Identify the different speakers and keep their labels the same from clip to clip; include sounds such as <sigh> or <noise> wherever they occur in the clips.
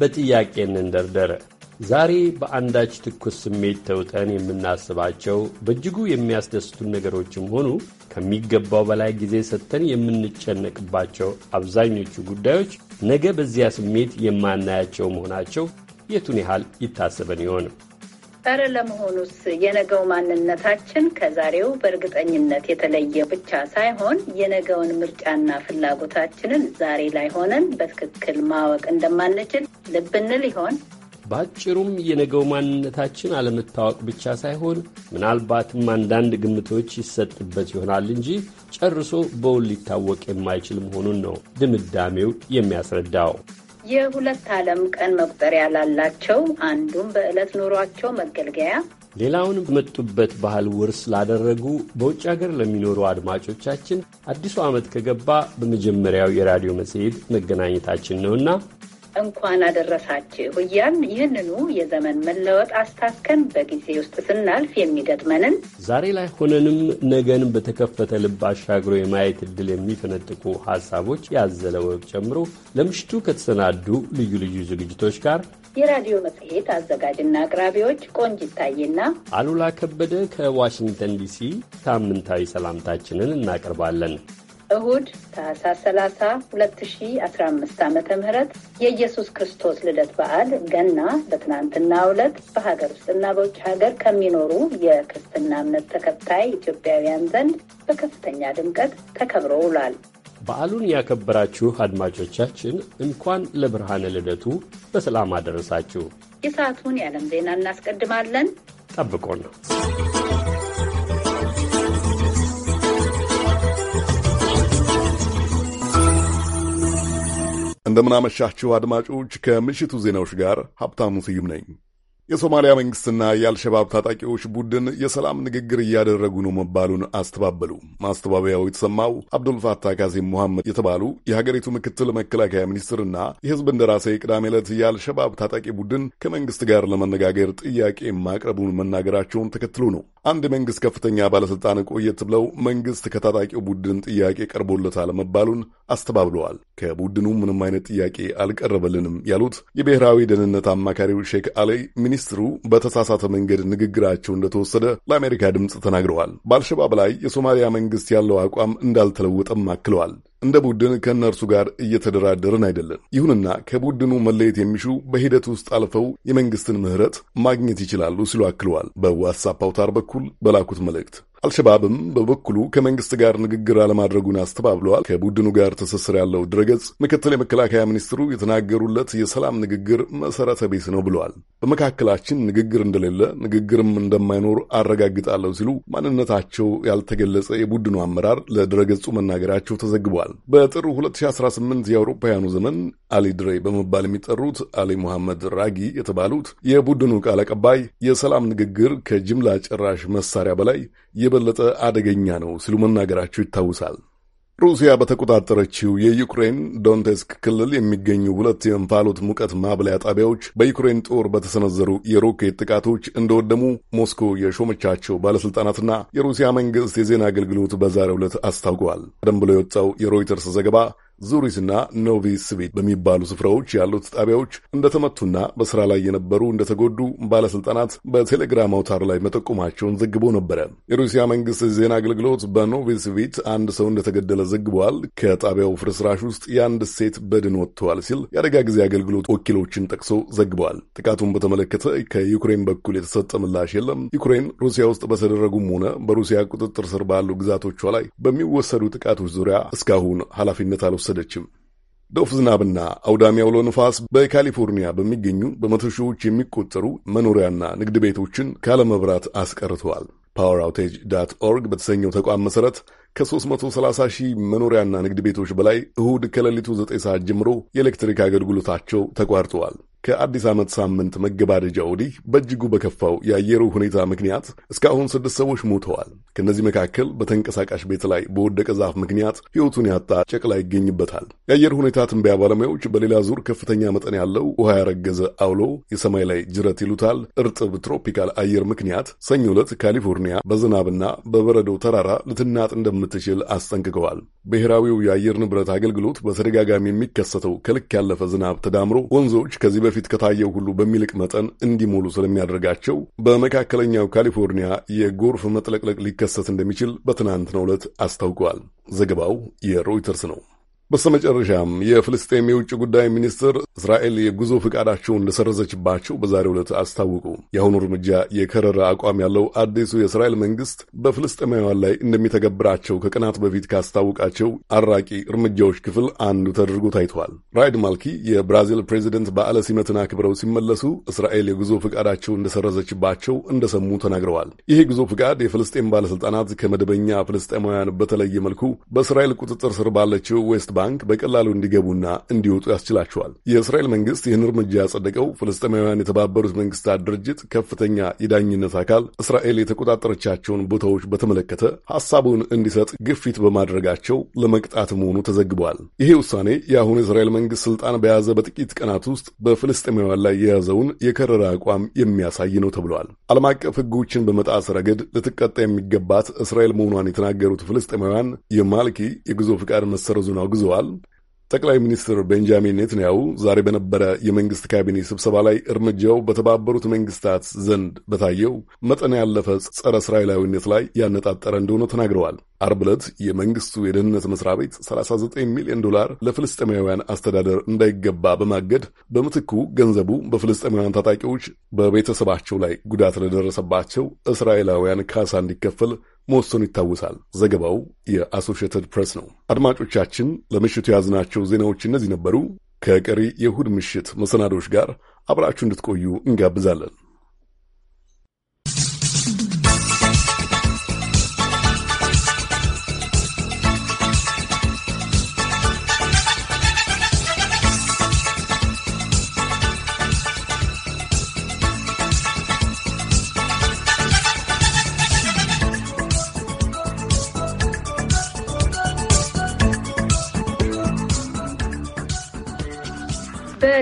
Speaker 1: በጥያቄ እንደርደር ዛሬ በአንዳች ትኩስ ስሜት ተውጠን የምናስባቸው በእጅጉ የሚያስደስቱን ነገሮችም ሆኑ ከሚገባው በላይ ጊዜ ሰጥተን የምንጨነቅባቸው አብዛኞቹ ጉዳዮች ነገ በዚያ ስሜት የማናያቸው መሆናቸው የቱን ያህል ይታሰበን ይሆን?
Speaker 2: ኧረ ለመሆኑስ የነገው ማንነታችን ከዛሬው በእርግጠኝነት የተለየ ብቻ ሳይሆን የነገውን ምርጫና ፍላጎታችንን ዛሬ ላይ ሆነን በትክክል ማወቅ እንደማንችል ልብንል ይሆን?
Speaker 1: በአጭሩም የነገው ማንነታችን አለመታወቅ ብቻ ሳይሆን ምናልባትም አንዳንድ ግምቶች ይሰጥበት ይሆናል እንጂ ጨርሶ በውል ሊታወቅ የማይችል መሆኑን ነው ድምዳሜው የሚያስረዳው።
Speaker 2: የሁለት ዓለም ቀን መቁጠሪያ ላላቸው አንዱም በዕለት ኑሯቸው መገልገያ
Speaker 1: ሌላውን በመጡበት ባህል ውርስ ላደረጉ በውጭ ሀገር ለሚኖሩ አድማጮቻችን አዲሱ ዓመት ከገባ በመጀመሪያው የራዲዮ መጽሔት መገናኘታችን ነውና
Speaker 2: እንኳን አደረሳችሁ እያልን ይህንኑ የዘመን መለወጥ አስታከን በጊዜ ውስጥ ስናልፍ የሚገጥመንን
Speaker 1: ዛሬ ላይ ሆነንም ነገን በተከፈተ ልብ አሻግሮ የማየት እድል የሚፈነጥቁ ሀሳቦች ያዘለ ወግ ጨምሮ ለምሽቱ ከተሰናዱ ልዩ ልዩ ዝግጅቶች ጋር
Speaker 2: የራዲዮ መጽሔት አዘጋጅና አቅራቢዎች ቆንጅ ይታይና
Speaker 1: አሉላ ከበደ ከዋሽንግተን ዲሲ ሳምንታዊ ሰላምታችንን እናቀርባለን።
Speaker 2: እሁድ ታህሳስ 30 2015 ዓ ም የኢየሱስ ክርስቶስ ልደት በዓል ገና በትናንትና ዕለት በሀገር ውስጥና በውጭ ሀገር ከሚኖሩ የክርስትና እምነት ተከታይ ኢትዮጵያውያን ዘንድ በከፍተኛ ድምቀት ተከብሮ ውሏል።
Speaker 1: በዓሉን ያከበራችሁ አድማጮቻችን እንኳን ለብርሃነ ልደቱ በሰላም አደረሳችሁ።
Speaker 2: የሰዓቱን የዓለም ዜና እናስቀድማለን።
Speaker 1: ጠብቆ ነው
Speaker 3: እንደምናመሻችሁ አድማጮች፣ ከምሽቱ ዜናዎች ጋር ሀብታሙ ስዩም ነኝ። የሶማሊያ መንግሥትና የአልሸባብ ታጣቂዎች ቡድን የሰላም ንግግር እያደረጉ ነው መባሉን አስተባበሉ። ማስተባበያው የተሰማው አብዱልፋታ ካሲም ሙሐመድ የተባሉ የሀገሪቱ ምክትል መከላከያ ሚኒስትርና የህዝብ እንደራሴ ቅዳሜ ዕለት የአልሸባብ ታጣቂ ቡድን ከመንግሥት ጋር ለመነጋገር ጥያቄ ማቅረቡን መናገራቸውን ተከትሎ ነው። አንድ የመንግሥት ከፍተኛ ባለሥልጣን ቆየት ብለው መንግሥት ከታጣቂው ቡድን ጥያቄ ቀርቦለታል መባሉን አስተባብለዋል። ከቡድኑ ምንም አይነት ጥያቄ አልቀረበልንም ያሉት የብሔራዊ ደህንነት አማካሪው ሼክ አሊ ሚኒስትሩ በተሳሳተ መንገድ ንግግራቸው እንደተወሰደ ለአሜሪካ ድምፅ ተናግረዋል። በአልሸባብ ላይ የሶማሊያ መንግስት ያለው አቋም እንዳልተለወጠም አክለዋል። እንደ ቡድን ከእነርሱ ጋር እየተደራደርን አይደለም። ይሁንና ከቡድኑ መለየት የሚሹ በሂደት ውስጥ አልፈው የመንግስትን ምህረት ማግኘት ይችላሉ ሲሉ አክለዋል። በዋትሳፕ አውታር በኩል በላኩት መልእክት አልሸባብም በበኩሉ ከመንግስት ጋር ንግግር አለማድረጉን አስተባብለዋል። ከቡድኑ ጋር ትስስር ያለው ድረገጽ ምክትል የመከላከያ ሚኒስትሩ የተናገሩለት የሰላም ንግግር መሰረተ ቢስ ነው ብለዋል። በመካከላችን ንግግር እንደሌለ ንግግርም እንደማይኖር አረጋግጣለሁ ሲሉ ማንነታቸው ያልተገለጸ የቡድኑ አመራር ለድረገጹ መናገራቸው ተዘግቧል። በጥሩ 2018 የአውሮፓውያኑ ዘመን አሊ ድሬ በመባል የሚጠሩት አሊ ሙሐመድ ራጊ የተባሉት የቡድኑ ቃል አቀባይ የሰላም ንግግር ከጅምላ ጨራሽ መሳሪያ በላይ የበለጠ አደገኛ ነው ሲሉ መናገራቸው ይታወሳል። ሩሲያ በተቆጣጠረችው የዩክሬን ዶንቴስክ ክልል የሚገኙ ሁለት የእንፋሎት ሙቀት ማብለያ ጣቢያዎች በዩክሬን ጦር በተሰነዘሩ የሮኬት ጥቃቶች እንደወደሙ ሞስኮ የሾመቻቸው ባለሥልጣናትና የሩሲያ መንግሥት የዜና አገልግሎት በዛሬው ዕለት አስታውቀዋል። ቀደም ብሎ የወጣው የሮይተርስ ዘገባ ዙሪስና ኖቪስ ቤት በሚባሉ ስፍራዎች ያሉት ጣቢያዎች እንደተመቱና በስራ ላይ የነበሩ እንደተጎዱ ባለስልጣናት በቴሌግራም አውታር ላይ መጠቆማቸውን ዘግቦ ነበረ። የሩሲያ መንግስት ዜና አገልግሎት በኖቪስ ቤት አንድ ሰው እንደተገደለ ዘግቧል። ከጣቢያው ፍርስራሽ ውስጥ የአንድ ሴት በድን ወጥተዋል ሲል የአደጋ ጊዜ አገልግሎት ወኪሎችን ጠቅሶ ዘግበዋል። ጥቃቱን በተመለከተ ከዩክሬን በኩል የተሰጠ ምላሽ የለም። ዩክሬን ሩሲያ ውስጥ በተደረጉም ሆነ በሩሲያ ቁጥጥር ስር ባሉ ግዛቶቿ ላይ በሚወሰዱ ጥቃቶች ዙሪያ እስካሁን ኃላፊነት አልወሰ አልወሰደችም። ዶፍ ዝናብና አውዳሚ አውሎ ንፋስ በካሊፎርኒያ በሚገኙ በመቶ ሺዎች የሚቆጠሩ መኖሪያና ንግድ ቤቶችን ካለመብራት አስቀርተዋል። ፓወር አውቴጅ ዳት ኦርግ በተሰኘው ተቋም መሠረት ከ330 ሺህ መኖሪያና ንግድ ቤቶች በላይ እሁድ ከሌሊቱ 9 ሰዓት ጀምሮ የኤሌክትሪክ አገልግሎታቸው ተቋርጠዋል። ከአዲስ ዓመት ሳምንት መገባደጃ ወዲህ በእጅጉ በከፋው የአየሩ ሁኔታ ምክንያት እስካሁን ስድስት ሰዎች ሞተዋል። ከእነዚህ መካከል በተንቀሳቃሽ ቤት ላይ በወደቀ ዛፍ ምክንያት ሕይወቱን ያጣ ጨቅላ ይገኝበታል። የአየር ሁኔታ ትንበያ ባለሙያዎች በሌላ ዙር ከፍተኛ መጠን ያለው ውሃ ያረገዘ አውሎ የሰማይ ላይ ጅረት ይሉታል እርጥብ ትሮፒካል አየር ምክንያት ሰኞ ዕለት ካሊፎርኒያ በዝናብና በበረዶ ተራራ ልትናጥ እንደምትችል አስጠንቅቀዋል። ብሔራዊው የአየር ንብረት አገልግሎት በተደጋጋሚ የሚከሰተው ከልክ ያለፈ ዝናብ ተዳምሮ ወንዞች ከዚህ በፊት በፊት ከታየው ሁሉ በሚልቅ መጠን እንዲሞሉ ስለሚያደርጋቸው በመካከለኛው ካሊፎርኒያ የጎርፍ መጥለቅለቅ ሊከሰት እንደሚችል በትናንትናው ዕለት አስታውቀዋል። ዘገባው የሮይተርስ ነው። በስተመጨረሻም የፍልስጤም የውጭ ጉዳይ ሚኒስትር እስራኤል የጉዞ ፍቃዳቸውን እንደሰረዘችባቸው በዛሬው ዕለት አስታወቁ። የአሁኑ እርምጃ የከረረ አቋም ያለው አዲሱ የእስራኤል መንግስት በፍልስጤማውያን ላይ እንደሚተገብራቸው ከቀናት በፊት ካስታወቃቸው አራቂ እርምጃዎች ክፍል አንዱ ተደርጎ ታይቷል። ራይድ ማልኪ የብራዚል ፕሬዚደንት በዓለ ሲመትን አክብረው ሲመለሱ እስራኤል የጉዞ ፍቃዳቸው እንደሰረዘችባቸው እንደሰሙ ተናግረዋል። ይህ የጉዞ ፍቃድ የፍልስጤም ባለሥልጣናት ከመደበኛ ፍልስጤማውያን በተለየ መልኩ በእስራኤል ቁጥጥር ስር ባለችው ዌስት ባንክ በቀላሉ እንዲገቡና እንዲወጡ ያስችላቸዋል። የእስራኤል መንግስት ይህን እርምጃ ያጸደቀው ፍልስጤማውያን የተባበሩት መንግስታት ድርጅት ከፍተኛ የዳኝነት አካል እስራኤል የተቆጣጠረቻቸውን ቦታዎች በተመለከተ ሐሳቡን እንዲሰጥ ግፊት በማድረጋቸው ለመቅጣት መሆኑ ተዘግቧል። ይሄ ውሳኔ የአሁኑ የእስራኤል መንግስት ስልጣን በያዘ በጥቂት ቀናት ውስጥ በፍልስጤማውያን ላይ የያዘውን የከረረ አቋም የሚያሳይ ነው ተብሏል። ዓለም አቀፍ ሕጎችን በመጣስ ረገድ ልትቀጣ የሚገባት እስራኤል መሆኗን የተናገሩት ፍልስጤማውያን የማልኪ የጉዞ ፍቃድ መሰረዙን አውግዘዋል። ይዘዋል። ጠቅላይ ሚኒስትር ቤንጃሚን ኔትንያሁ ዛሬ በነበረ የመንግስት ካቢኔ ስብሰባ ላይ እርምጃው በተባበሩት መንግስታት ዘንድ በታየው መጠን ያለፈ ጸረ እስራኤላዊነት ላይ ያነጣጠረ እንደሆነ ተናግረዋል። አርብ ዕለት የመንግስቱ የደህንነት መስሪያ ቤት 39 ሚሊዮን ዶላር ለፍልስጤማውያን አስተዳደር እንዳይገባ በማገድ በምትኩ ገንዘቡ በፍልስጤማውያን ታጣቂዎች በቤተሰባቸው ላይ ጉዳት ለደረሰባቸው እስራኤላውያን ካሳ እንዲከፈል መወሰኑ ይታወሳል። ዘገባው የአሶሺየትድ ፕሬስ ነው። አድማጮቻችን፣ ለምሽቱ የያዝናቸው ዜናዎች እነዚህ ነበሩ። ከቀሪ የእሁድ ምሽት መሰናዶች ጋር አብራችሁ እንድትቆዩ እንጋብዛለን።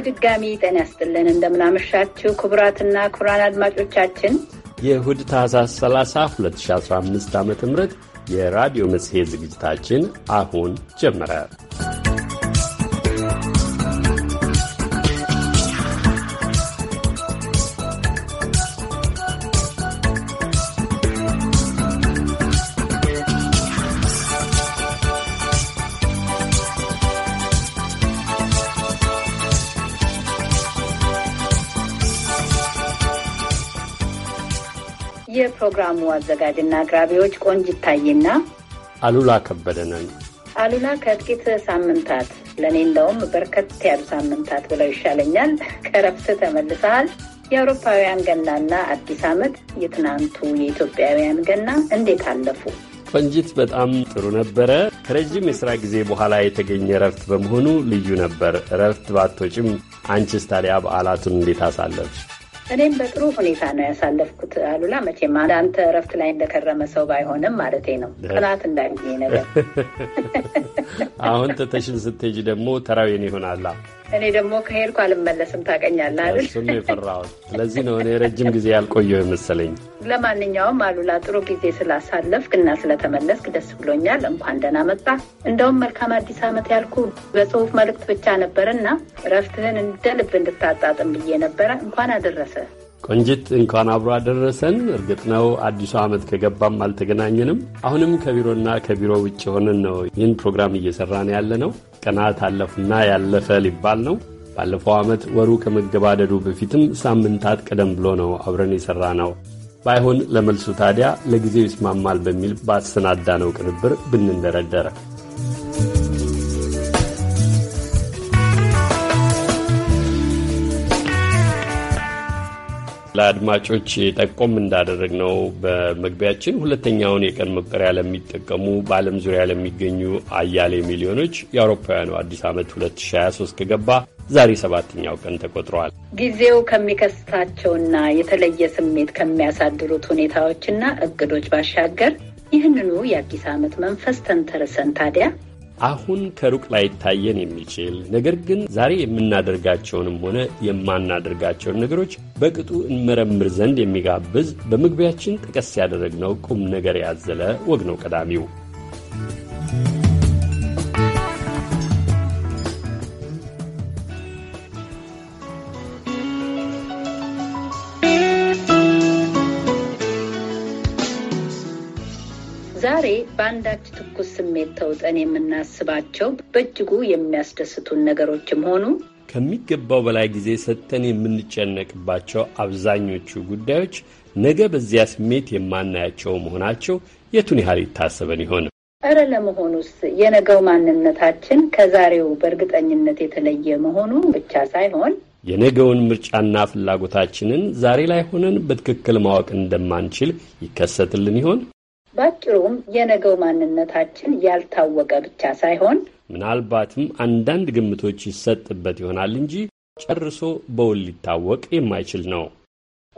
Speaker 2: በድጋሚ ጤና ያስጥልን። ክቡራትና ክቡራን አድማጮቻችን
Speaker 1: የእሁድ ታህሳስ 30 2015 ዓ ም የራዲዮ መጽሔት ዝግጅታችን አሁን ጀመረ።
Speaker 2: የፕሮግራሙ አዘጋጅና አቅራቢዎች ቆንጅ ይታይና
Speaker 1: አሉላ ከበደ ነን።
Speaker 2: አሉላ ከጥቂት ሳምንታት ለእኔ እንደውም በርከት ያሉ ሳምንታት ብለው ይሻለኛል ከረፍት ተመልሰሃል። የአውሮፓውያን ገናና አዲስ ዓመት የትናንቱ የኢትዮጵያውያን ገና እንዴት አለፉ?
Speaker 1: ቆንጂት በጣም ጥሩ ነበረ። ከረዥም የሥራ ጊዜ በኋላ የተገኘ እረፍት በመሆኑ ልዩ ነበር። እረፍት ባቶጭም አንቺስ ታዲያ በዓላቱን እንዴት አሳለፍሽ?
Speaker 2: እኔም በጥሩ ሁኔታ ነው ያሳለፍኩት። አሉላ መቼም አንተ እረፍት ላይ እንደከረመ ሰው ባይሆንም ማለቴ ነው። ጥላት እንዳል ነገር
Speaker 1: <laughs> አሁን ትተሽን ስትሄጂ ደግሞ ተራዊን ይሆናላ
Speaker 2: እኔ ደግሞ ከሄድኩ አልመለስም ታውቀኛለህ እሱን ነው የፈራሁት።
Speaker 1: ነው እኔ ረጅም ጊዜ ያልቆየው የመሰለኝ።
Speaker 2: ለማንኛውም አሉላ ጥሩ ጊዜ ስላሳለፍክ እና ስለተመለስክ ደስ ብሎኛል። እንኳን ደህና መጣ። እንደውም መልካም አዲስ ዓመት ያልኩ በጽሁፍ መልእክት ብቻ ነበርና እረፍትህን እንደ ልብ እንድታጣጥም ብዬ ነበረ። እንኳን አደረሰ።
Speaker 1: ቆንጅት እንኳን አብሮ አደረሰን። እርግጥ ነው አዲሱ ዓመት ከገባም አልተገናኘንም። አሁንም ከቢሮና ከቢሮ ውጭ ሆነን ነው ይህን ፕሮግራም እየሰራን ያለ ነው። ቀናት አለፉና ያለፈ ሊባል ነው። ባለፈው ዓመት ወሩ ከመገባደዱ በፊትም ሳምንታት ቀደም ብሎ ነው አብረን የሰራ ነው። ባይሆን ለመልሱ ታዲያ ለጊዜው ይስማማል በሚል ባሰናዳ ነው ቅንብር ብንንደረደረ ለአድማጮች ጠቆም እንዳደረግ ነው በመግቢያችን ሁለተኛውን የቀን መቁጠሪያ ለሚጠቀሙ በዓለም ዙሪያ ለሚገኙ አያሌ ሚሊዮኖች የአውሮፓውያኑ አዲስ ዓመት 2023 ከገባ ዛሬ ሰባተኛው ቀን ተቆጥረዋል።
Speaker 2: ጊዜው ከሚከስታቸውና የተለየ ስሜት ከሚያሳድሩት ሁኔታዎችና እቅዶች ባሻገር ይህንኑ የአዲስ ዓመት መንፈስ ተንተርሰን ታዲያ
Speaker 1: አሁን ከሩቅ ላይታየን የሚችል ነገር ግን ዛሬ የምናደርጋቸውንም ሆነ የማናደርጋቸውን ነገሮች በቅጡ እንመረምር ዘንድ የሚጋብዝ በመግቢያችን ጠቀስ ያደረግነው ቁም ነገር ያዘለ ወግ ነው ቀዳሚው።
Speaker 2: በአንዳች ትኩስ ስሜት ተውጠን የምናስባቸው በእጅጉ የሚያስደስቱን ነገሮችም ሆኑ
Speaker 1: ከሚገባው በላይ ጊዜ ሰጥተን የምንጨነቅባቸው አብዛኞቹ ጉዳዮች ነገ በዚያ ስሜት የማናያቸው መሆናቸው የቱን ያህል ይታሰበን ይሆን?
Speaker 2: እረ ለመሆኑስ የነገው ማንነታችን ከዛሬው በእርግጠኝነት የተለየ መሆኑ ብቻ ሳይሆን
Speaker 1: የነገውን ምርጫና ፍላጎታችንን ዛሬ ላይ ሆነን በትክክል ማወቅ እንደማንችል ይከሰትልን ይሆን?
Speaker 2: ባጭሩም የነገው ማንነታችን ያልታወቀ ብቻ ሳይሆን
Speaker 1: ምናልባትም አንዳንድ ግምቶች ይሰጥበት ይሆናል እንጂ ጨርሶ በውል ሊታወቅ የማይችል ነው።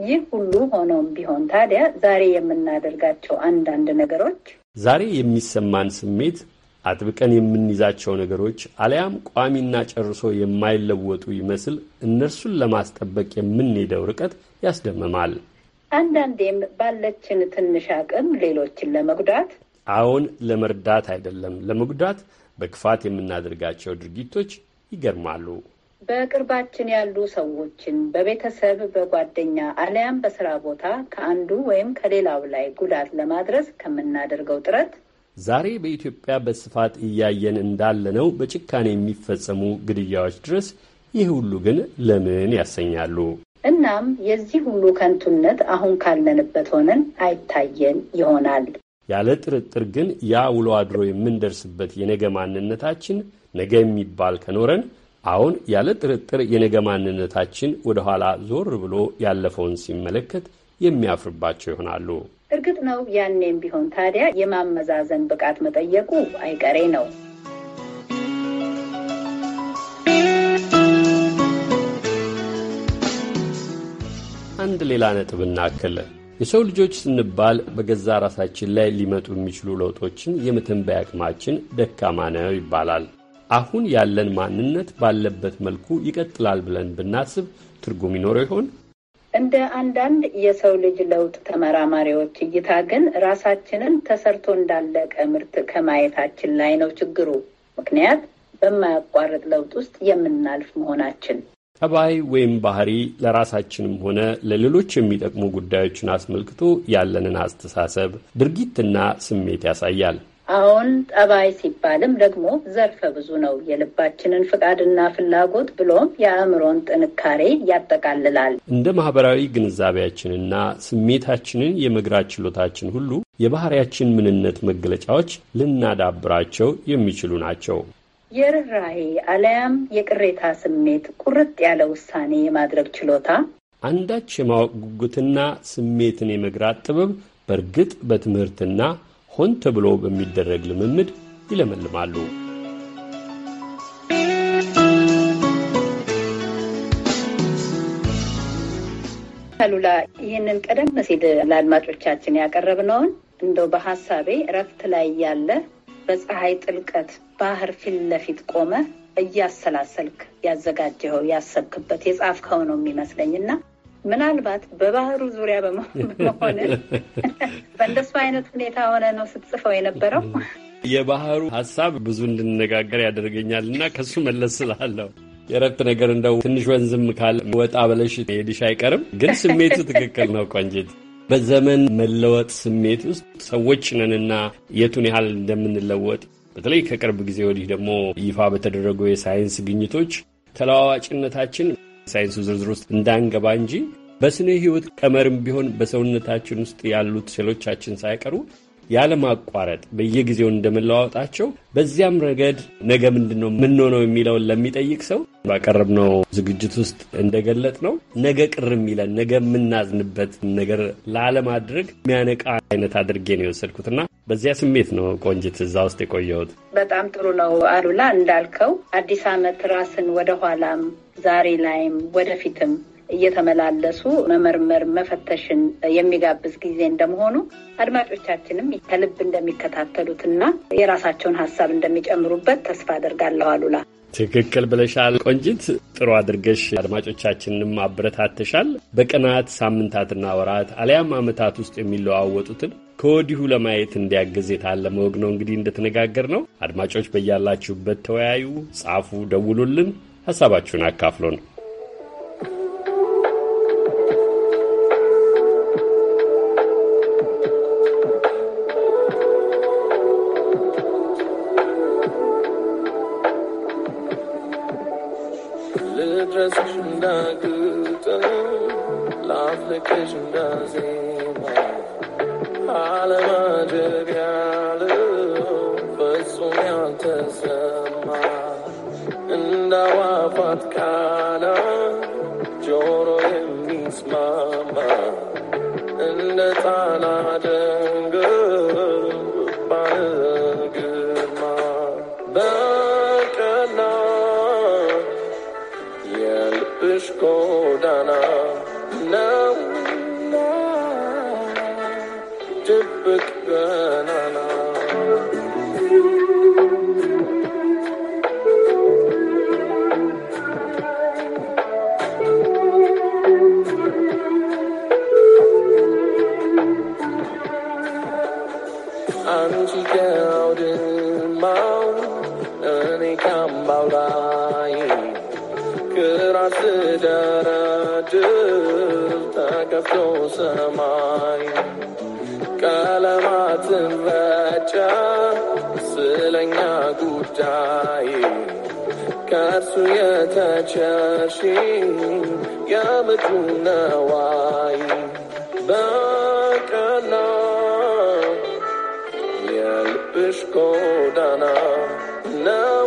Speaker 2: ይህ ሁሉ ሆኖም ቢሆን ታዲያ ዛሬ የምናደርጋቸው አንዳንድ ነገሮች
Speaker 1: ዛሬ የሚሰማን ስሜት አጥብቀን የምንይዛቸው ነገሮች አሊያም ቋሚና ጨርሶ የማይለወጡ ይመስል እነርሱን ለማስጠበቅ የምንሄደው ርቀት ያስደምማል።
Speaker 2: አንዳንዴም ባለችን ትንሽ አቅም ሌሎችን ለመጉዳት
Speaker 1: አሁን ለመርዳት አይደለም ለመጉዳት በክፋት የምናደርጋቸው ድርጊቶች ይገርማሉ።
Speaker 2: በቅርባችን ያሉ ሰዎችን በቤተሰብ፣ በጓደኛ አለያም በስራ ቦታ ከአንዱ ወይም ከሌላው ላይ ጉዳት ለማድረስ ከምናደርገው ጥረት
Speaker 1: ዛሬ በኢትዮጵያ በስፋት እያየን እንዳለነው በጭካኔ የሚፈጸሙ ግድያዎች ድረስ ይህ ሁሉ ግን ለምን ያሰኛሉ።
Speaker 2: እናም የዚህ ሁሉ ከንቱነት አሁን ካለንበት ሆነን አይታየን ይሆናል።
Speaker 1: ያለ ጥርጥር ግን ያ ውሎ አድሮ የምንደርስበት የነገ ማንነታችን ነገ የሚባል ከኖረን አሁን ያለ ጥርጥር የነገ ማንነታችን ወደ ኋላ ዞር ብሎ ያለፈውን ሲመለከት የሚያፍርባቸው ይሆናሉ።
Speaker 2: እርግጥ ነው ያኔም ቢሆን ታዲያ የማመዛዘን ብቃት መጠየቁ አይቀሬ ነው።
Speaker 1: አንድ ሌላ ነጥብ እናክል። የሰው ልጆች ስንባል በገዛ ራሳችን ላይ ሊመጡ የሚችሉ ለውጦችን የመተንበያ አቅማችን ደካማ ነው ይባላል። አሁን ያለን ማንነት ባለበት መልኩ ይቀጥላል ብለን ብናስብ ትርጉም ይኖረው ይሆን?
Speaker 2: እንደ አንዳንድ የሰው ልጅ ለውጥ ተመራማሪዎች እይታ ግን ራሳችንን ተሰርቶ እንዳለቀ ምርት ከማየታችን ላይ ነው ችግሩ። ምክንያት በማያቋርጥ ለውጥ ውስጥ የምናልፍ መሆናችን
Speaker 1: ጠባይ ወይም ባህሪ ለራሳችንም ሆነ ለሌሎች የሚጠቅሙ ጉዳዮችን አስመልክቶ ያለንን አስተሳሰብ፣ ድርጊትና ስሜት ያሳያል።
Speaker 2: አሁን ጠባይ ሲባልም ደግሞ ዘርፈ ብዙ ነው። የልባችንን ፍቃድና ፍላጎት ብሎም የአእምሮን ጥንካሬ ያጠቃልላል።
Speaker 1: እንደ ማህበራዊ ግንዛቤያችንና ስሜታችንን የመግራት ችሎታችን ሁሉ የባህሪያችን ምንነት መገለጫዎች ልናዳብራቸው የሚችሉ ናቸው።
Speaker 2: የርኅራሄ አለያም የቅሬታ ስሜት ቁርጥ ያለ ውሳኔ የማድረግ ችሎታ፣
Speaker 1: አንዳች የማወቅ ጉጉትና ስሜትን የመግራት ጥበብ በእርግጥ በትምህርትና ሆን ተብሎ በሚደረግ ልምምድ ይለመልማሉ።
Speaker 2: አሉላ ይህንን ቀደም ሲል ለአድማጮቻችን ያቀረብነውን እንደው በሀሳቤ እረፍት ላይ ያለ በፀሐይ ጥልቀት ባህር ፊት ለፊት ቆመ እያሰላሰልክ ያዘጋጀኸው ያሰብክበት የጻፍከው ነው የሚመስለኝ እና ምናልባት በባህሩ ዙሪያ <laughs> በመሆን በእንደሱ አይነት ሁኔታ ሆነ ነው ስትጽፈው የነበረው።
Speaker 1: የባህሩ ሀሳብ ብዙ እንድንነጋገር ያደርገኛል እና ከሱ መለስ ስላለሁ የእረፍት ነገር እንደው ትንሽ ወንዝም ካል ወጣ ብለሽ ሄድሽ አይቀርም። ግን ስሜቱ ትክክል ነው ቆንጅት። በዘመን መለወጥ ስሜት ውስጥ ሰዎች ነንና የቱን ያህል እንደምንለወጥ በተለይ ከቅርብ ጊዜ ወዲህ ደግሞ ይፋ በተደረጉ የሳይንስ ግኝቶች ተለዋዋጭነታችን ሳይንሱ ዝርዝር ውስጥ እንዳንገባ እንጂ በስነ ህይወት ቀመርም ቢሆን በሰውነታችን ውስጥ ያሉት ሴሎቻችን ሳይቀሩ ያለማቋረጥ በየጊዜው እንደምንለዋወጣቸው በዚያም ረገድ ነገ ምንድን ነው የምንሆነው የሚለውን ለሚጠይቅ ሰው ባቀረብነው ዝግጅት ውስጥ እንደገለጥ ነው ነገ ቅር የሚለን ነገ የምናዝንበት ነገር ላለማድረግ የሚያነቃ አይነት አድርጌ ነው የወሰድኩትና በዚያ ስሜት ነው ቆንጅት እዛ ውስጥ የቆየሁት።
Speaker 2: በጣም ጥሩ ነው አሉላ እንዳልከው አዲስ ዓመት ራስን ወደኋላም ዛሬ ላይም ወደፊትም እየተመላለሱ መመርመር መፈተሽን የሚጋብዝ ጊዜ እንደመሆኑ አድማጮቻችንም ከልብ እንደሚከታተሉትና የራሳቸውን ሀሳብ እንደሚጨምሩበት ተስፋ አድርጋለሁ። አሉላ
Speaker 1: ትክክል ብለሻል ቆንጂት። ጥሩ አድርገሽ አድማጮቻችንንም አበረታተሻል። በቀናት ሳምንታትና ወራት አሊያም ዓመታት ውስጥ የሚለዋወጡትን ከወዲሁ ለማየት እንዲያግዝ የታለመ ወግ ነው። እንግዲህ እንደተነጋገር ነው። አድማጮች በያላችሁበት ተወያዩ፣ ጻፉ፣ ደውሉልን፣ ሀሳባችሁን አካፍሎን
Speaker 4: a does it. ድል ተከፍቶ ሰማይ ቀለማትን ረጨ ስለኛ ጉዳይ ከእርሱ የተቸርሽ የምድሩ ነዋይ በቀና የልብሽ ጎዳና ነው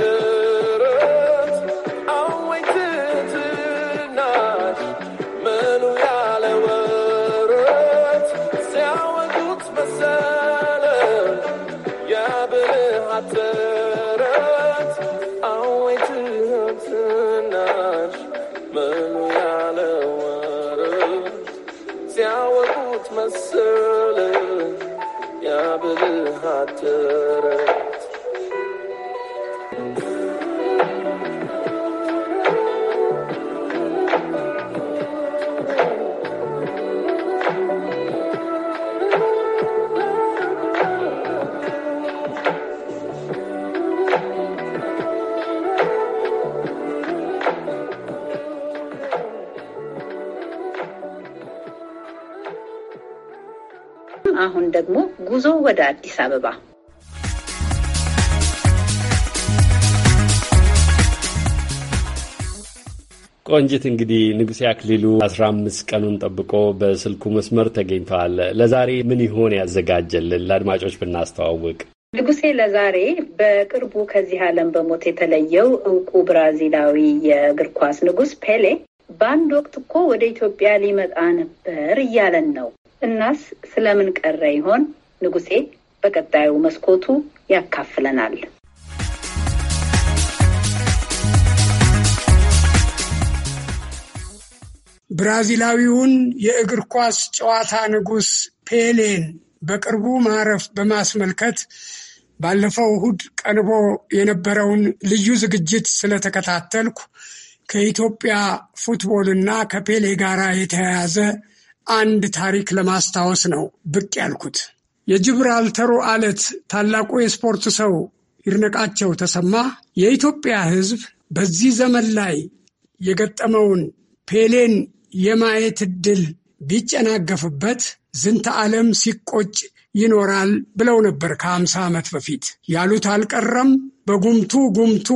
Speaker 4: answer.
Speaker 2: አሁን ደግሞ ጉዞ ወደ አዲስ አበባ
Speaker 1: ቆንጅት እንግዲህ ንጉሴ አክሊሉ አስራ አምስት ቀኑን ጠብቆ በስልኩ መስመር ተገኝተዋል። ለዛሬ ምን ይሆን ያዘጋጀልን ለአድማጮች ብናስተዋውቅ?
Speaker 2: ንጉሴ ለዛሬ በቅርቡ ከዚህ ዓለም በሞት የተለየው እውቁ ብራዚላዊ የእግር ኳስ ንጉስ ፔሌ በአንድ ወቅት እኮ ወደ ኢትዮጵያ ሊመጣ ነበር እያለን ነው እናስ ስለምን ቀረ ይሆን? ንጉሴ በቀጣዩ መስኮቱ
Speaker 5: ያካፍለናል። ብራዚላዊውን የእግር ኳስ ጨዋታ ንጉሥ ፔሌን በቅርቡ ማረፍ በማስመልከት ባለፈው እሁድ ቀርቦ የነበረውን ልዩ ዝግጅት ስለተከታተልኩ ከኢትዮጵያ ፉትቦልና ከፔሌ ጋር የተያያዘ አንድ ታሪክ ለማስታወስ ነው ብቅ ያልኩት። የጅብራልተሩ አለት ታላቁ የስፖርት ሰው ይድነቃቸው ተሰማ የኢትዮጵያ ሕዝብ በዚህ ዘመን ላይ የገጠመውን ፔሌን የማየት ዕድል ቢጨናገፍበት ዝንተ ዓለም ሲቆጭ ይኖራል ብለው ነበር ከአምሳ ዓመት በፊት ያሉት አልቀረም። በጉምቱ ጉምቱ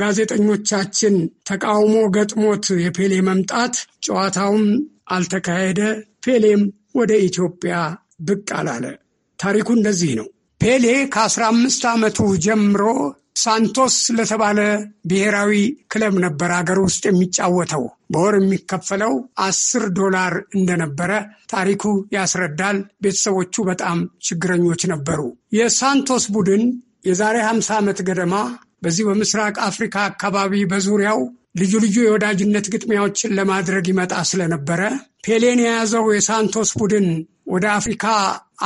Speaker 5: ጋዜጠኞቻችን ተቃውሞ ገጥሞት የፔሌ መምጣት ጨዋታውም አልተካሄደ ፔሌም ወደ ኢትዮጵያ ብቅ አላለ። ታሪኩ እንደዚህ ነው። ፔሌ ከ15 ዓመቱ ጀምሮ ሳንቶስ ለተባለ ብሔራዊ ክለብ ነበር አገር ውስጥ የሚጫወተው። በወር የሚከፈለው አስር ዶላር እንደነበረ ታሪኩ ያስረዳል። ቤተሰቦቹ በጣም ችግረኞች ነበሩ። የሳንቶስ ቡድን የዛሬ 50 ዓመት ገደማ በዚህ በምስራቅ አፍሪካ አካባቢ በዙሪያው ልዩ ልዩ የወዳጅነት ግጥሚያዎችን ለማድረግ ይመጣ ስለነበረ ፔሌን የያዘው የሳንቶስ ቡድን ወደ አፍሪካ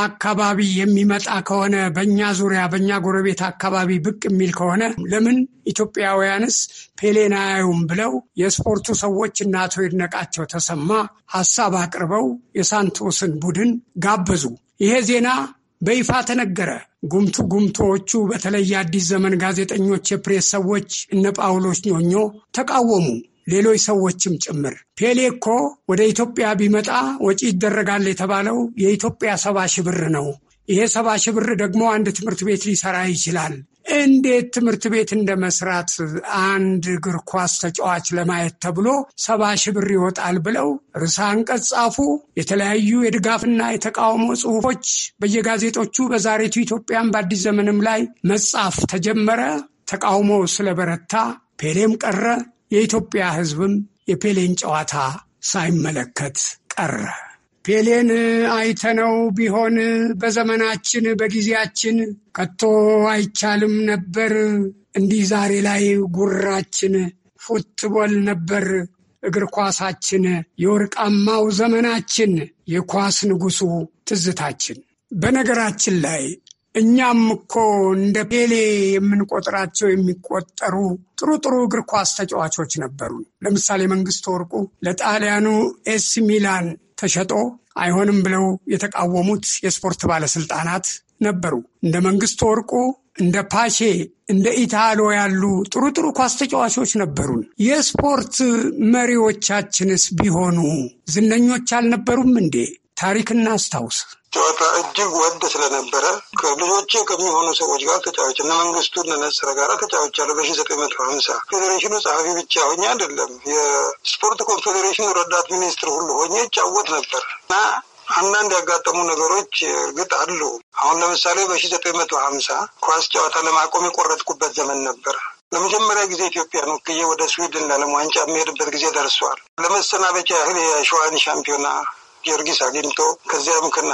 Speaker 5: አካባቢ የሚመጣ ከሆነ በእኛ ዙሪያ በእኛ ጎረቤት አካባቢ ብቅ የሚል ከሆነ ለምን ኢትዮጵያውያንስ ፔሌን አያዩም ብለው የስፖርቱ ሰዎች እና አቶ ይድነቃቸው ተሰማ ሀሳብ አቅርበው የሳንቶስን ቡድን ጋበዙ። ይሄ ዜና በይፋ ተነገረ። ጉምቱ ጉምቶዎቹ በተለይ አዲስ ዘመን ጋዜጠኞች፣ የፕሬስ ሰዎች እነ ጳውሎስ ኞኞ ተቃወሙ። ሌሎች ሰዎችም ጭምር ፔሌ እኮ ወደ ኢትዮጵያ ቢመጣ ወጪ ይደረጋል የተባለው የኢትዮጵያ ሰባ ሺህ ብር ነው። ይሄ ሰባ ሺህ ብር ደግሞ አንድ ትምህርት ቤት ሊሰራ ይችላል። እንዴት ትምህርት ቤት እንደ መስራት አንድ እግር ኳስ ተጫዋች ለማየት ተብሎ ሰባ ሺህ ብር ይወጣል ብለው ርዕሰ አንቀጽ ጻፉ። የተለያዩ የድጋፍና የተቃውሞ ጽሁፎች በየጋዜጦቹ በዛሬቱ ኢትዮጵያን በአዲስ ዘመንም ላይ መጻፍ ተጀመረ። ተቃውሞ ስለበረታ ፔሌም ቀረ። የኢትዮጵያ ሕዝብም የፔሌን ጨዋታ ሳይመለከት ቀረ። ፔሌን አይተነው ቢሆን በዘመናችን በጊዜያችን ከቶ አይቻልም ነበር። እንዲህ ዛሬ ላይ ጉራችን ፉትቦል ነበር እግር ኳሳችን የወርቃማው ዘመናችን የኳስ ንጉሱ ትዝታችን። በነገራችን ላይ እኛም እኮ እንደ ፔሌ የምንቆጥራቸው የሚቆጠሩ ጥሩ ጥሩ እግር ኳስ ተጫዋቾች ነበሩ። ለምሳሌ መንግስቱ ወርቁ ለጣሊያኑ ኤስ ሚላን ተሸጦ አይሆንም ብለው የተቃወሙት የስፖርት ባለስልጣናት ነበሩ። እንደ መንግስቱ ወርቁ፣ እንደ ፓቼ፣ እንደ ኢታሎ ያሉ ጥሩ ጥሩ ኳስ ተጫዋቾች ነበሩን። የስፖርት መሪዎቻችንስ ቢሆኑ ዝነኞች አልነበሩም እንዴ? ታሪክና አስታውስ።
Speaker 6: ጨዋታ እጅግ ወድ ስለነበረ ከልጆቼ ከሚሆኑ ሰዎች ጋር ተጫዋች እነ መንግስቱ እነ ነስረ ጋር ተጫዋች አለ በሺ ዘጠኝ መቶ ሀምሳ ፌዴሬሽኑ ጸሐፊ ብቻ ሆኜ አይደለም የስፖርት ኮንፌዴሬሽኑ ረዳት ሚኒስትር ሁሉ ሆኜ ይጫወት ነበር እና አንዳንድ ያጋጠሙ ነገሮች እርግጥ አሉ። አሁን ለምሳሌ በሺ ዘጠኝ መቶ ሀምሳ ኳስ ጨዋታ ለማቆም የቆረጥኩበት ዘመን ነበር። ለመጀመሪያ ጊዜ ኢትዮጵያን ወክዬ ወደ ስዊድን ለዓለም ዋንጫ የሚሄድበት ጊዜ ደርሷል። ለመሰናበቻ ያህል የሸዋን ሻምፒዮና ጊዮርጊስ አግኝቶ ከዚያም ከነ